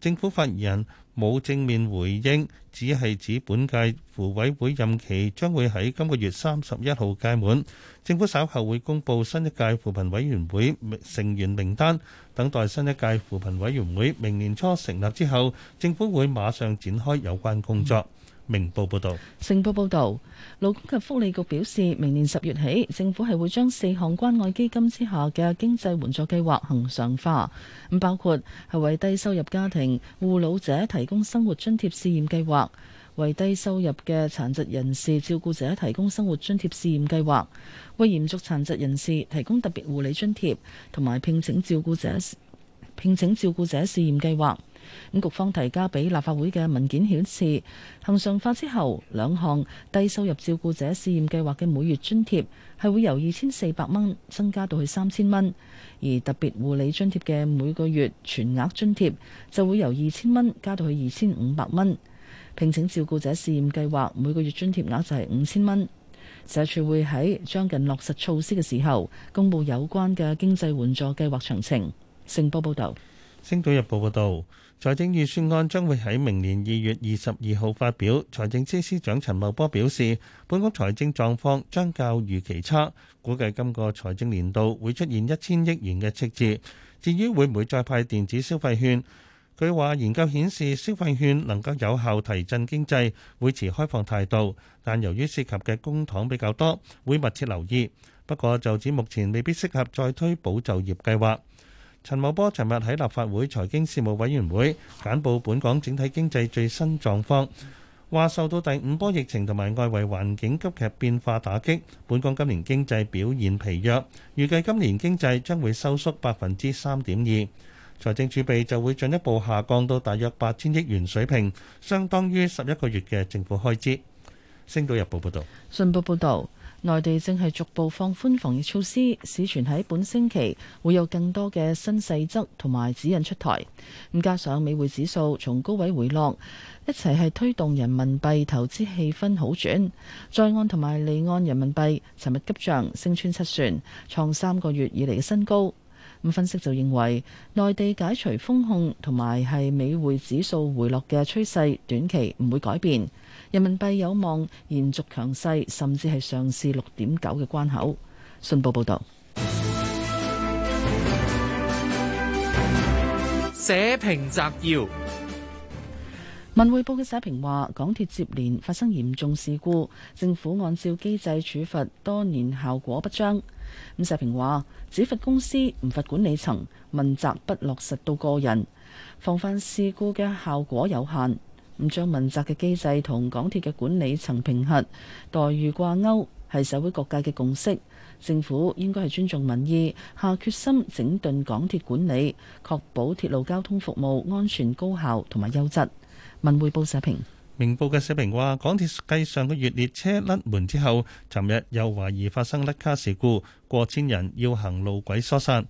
政府發言人，冇正面回應，只係指本屆扶委會任期將會喺今個月三十一號屆滿，政府稍後會公布新一屆扶貧委員會成員名單，等待新一屆扶貧委員會明年初成立之後，政府會馬上展開有關工作。明報報導，成報報導，勞工及福利局表示，明年十月起，政府係會將四項關愛基金之下嘅經濟援助計劃恒常化。咁包括係為低收入家庭、護老者提供生活津貼試驗計劃，為低收入嘅殘疾人士照顧者提供生活津貼試驗計劃，為嚴重殘疾人士提供特別護理津貼同埋聘請照顧者聘請照顧者試驗計劃。咁局方提交俾立法會嘅文件顯示，恒常化之後，兩項低收入照顧者試驗計劃嘅每月津貼係會由二千四百蚊增加到去三千蚊，而特別護理津貼嘅每個月全額津貼就會由二千蚊加到去二千五百蚊。聘請照顧者試驗計劃每個月津貼額就係五千蚊。社署會喺將近落實措施嘅時候，公布有關嘅經濟援助計劃詳情。成報報道。《星島日報》報導。財政預算案將會喺明年二月二十二號發表。財政司司長陳茂波表示，本港財政狀況將較預期差，估計今個財政年度會出現一千億元嘅赤字。至於會唔會再派電子消費券，佢話研究顯示消費券能夠有效提振經濟，會持開放態度，但由於涉及嘅公帑比較多，會密切留意。不過就指目前未必適合再推保就業計劃。陳茂波尋日喺立法會財經事務委員會簡報本港整體經濟最新狀況，話受到第五波疫情同埋外圍環境急劇變化打擊，本港今年經濟表現疲弱，預計今年經濟將會收縮百分之三點二，財政儲備就會進一步下降到大約八千億元水平，相當於十一個月嘅政府開支。星島日報報道，信報報道。內地正係逐步放寬防疫措施，市傳喺本星期會有更多嘅新細則同埋指引出台。咁加上美匯指數從高位回落，一齊係推動人民幣投資氣氛好轉。在岸同埋離岸人民幣，尋日急漲，升穿七船，創三個月以嚟嘅新高。咁分析就認為，內地解除封控同埋係美匯指數回落嘅趨勢，短期唔會改變。人民幣有望延續強勢，甚至係上試六點九嘅關口。信報報道。社評摘要：文匯報嘅社評話，港鐵接連發生嚴重事故，政府按照機制處罰多年效果不彰。咁社評話，只罰公司唔罰管理層，問責不落實到個人，防範事故嘅效果有限。唔將問責嘅機制同港鐵嘅管理層評核待遇掛鈎，係社會各界嘅共識。政府應該係尊重民意，下決心整頓港鐵管理，確保鐵路交通服務安全高效同埋優質。文匯報社評。明報嘅社評話，港鐵繼上個月列車甩門之後，尋日又懷疑發生甩卡事故，過千人要行路軌疏散。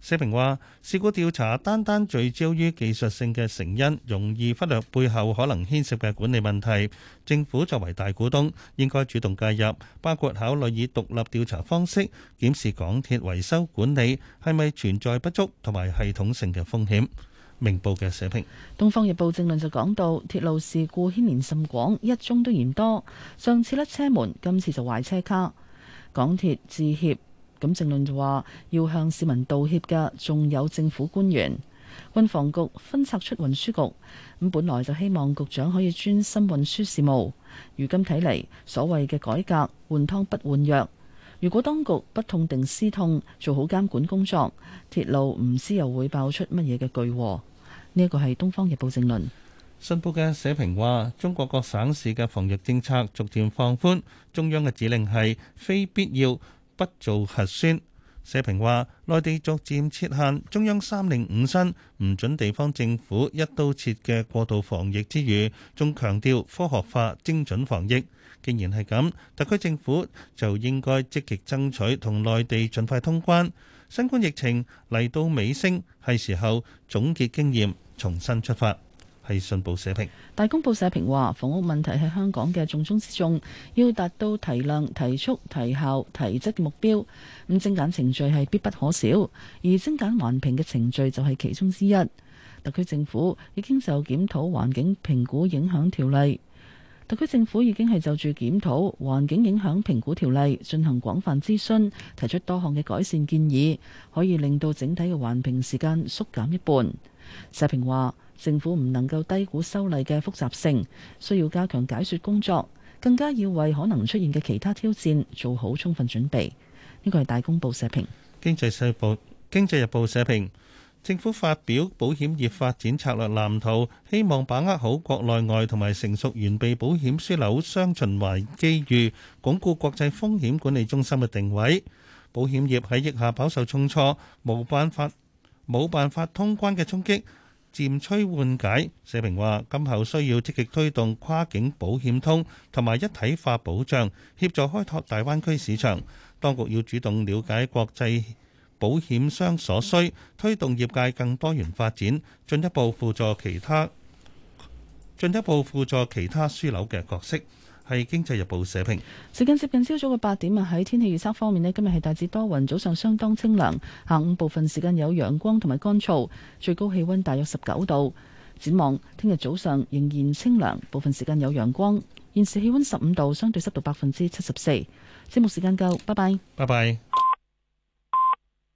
社評話：事故調查單單聚焦於技術性嘅成因，容易忽略背後可能牽涉嘅管理問題。政府作為大股東，應該主動介入，包括考慮以獨立調查方式檢視港鐵維修管理係咪存在不足同埋系統性嘅風險。明報嘅社評，《東方日報》正論就講到，鐵路事故牽連甚廣，一宗都嫌多。上次甩車門，今次就壞車卡。港鐵致歉。咁政論就話要向市民道歉嘅，仲有政府官員。運房局分拆出運輸局，咁本來就希望局長可以專心運輸事務。如今睇嚟，所謂嘅改革換湯不換藥。如果當局不痛定思痛，做好監管工作，鐵路唔知又會爆出乜嘢嘅巨禍。呢一個係《東方日報》政論。新報嘅社評話：中國各省市嘅防疫政策逐漸放寬，中央嘅指令係非必要。不做核酸，社評話內地逐漸撤限，中央三令五申唔准地方政府一刀切嘅過度防疫之餘，仲強調科學化、精準防疫。既然係咁，特區政府就應該積極爭取同內地盡快通關。新冠疫情嚟到尾聲，係時候總結經驗，重新出發。係信報社評，大公報社評話，房屋問題，係香港嘅重中之重，要達到提量、提速、提效、提質嘅目標，咁精簡程序係必不可少。而精簡環評嘅程序就係其中之一。特區政府已經就檢討環境評估影響條例，特區政府已經係就住檢討環境影響評估條例進行廣泛諮詢，提出多項嘅改善建議，可以令到整體嘅環評時間縮減一半。社評話：政府唔能夠低估修例嘅複雜性，需要加強解說工作，更加要為可能出現嘅其他挑戰做好充分準備。呢個係大公報社評。經濟社報，經濟日報社評：政府發表保險業發展策略藍圖，希望把握好國內外同埋成熟完備保險樞紐雙循環機遇，鞏固國際風險管理中心嘅定位。保險業喺疫下飽受衝錯，冇辦法。冇辦法通關嘅衝擊漸趨緩解，社評話：今後需要積極推動跨境保險通同埋一體化保障，協助開拓大灣區市場。當局要主動了解國際保險商所需，推動業界更多元發展，進一步輔助其他進一步輔助其他樞紐嘅角色。係《經濟日報》社評。時間接近朝早嘅八點啊，喺天氣預測方面咧，今日係大致多雲，早上相當清涼，下午部分時間有陽光同埋乾燥，最高氣温大約十九度。展望聽日早上仍然清涼，部分時間有陽光。現時氣温十五度，相對濕度百分之七十四。節目時間夠，拜拜。拜拜。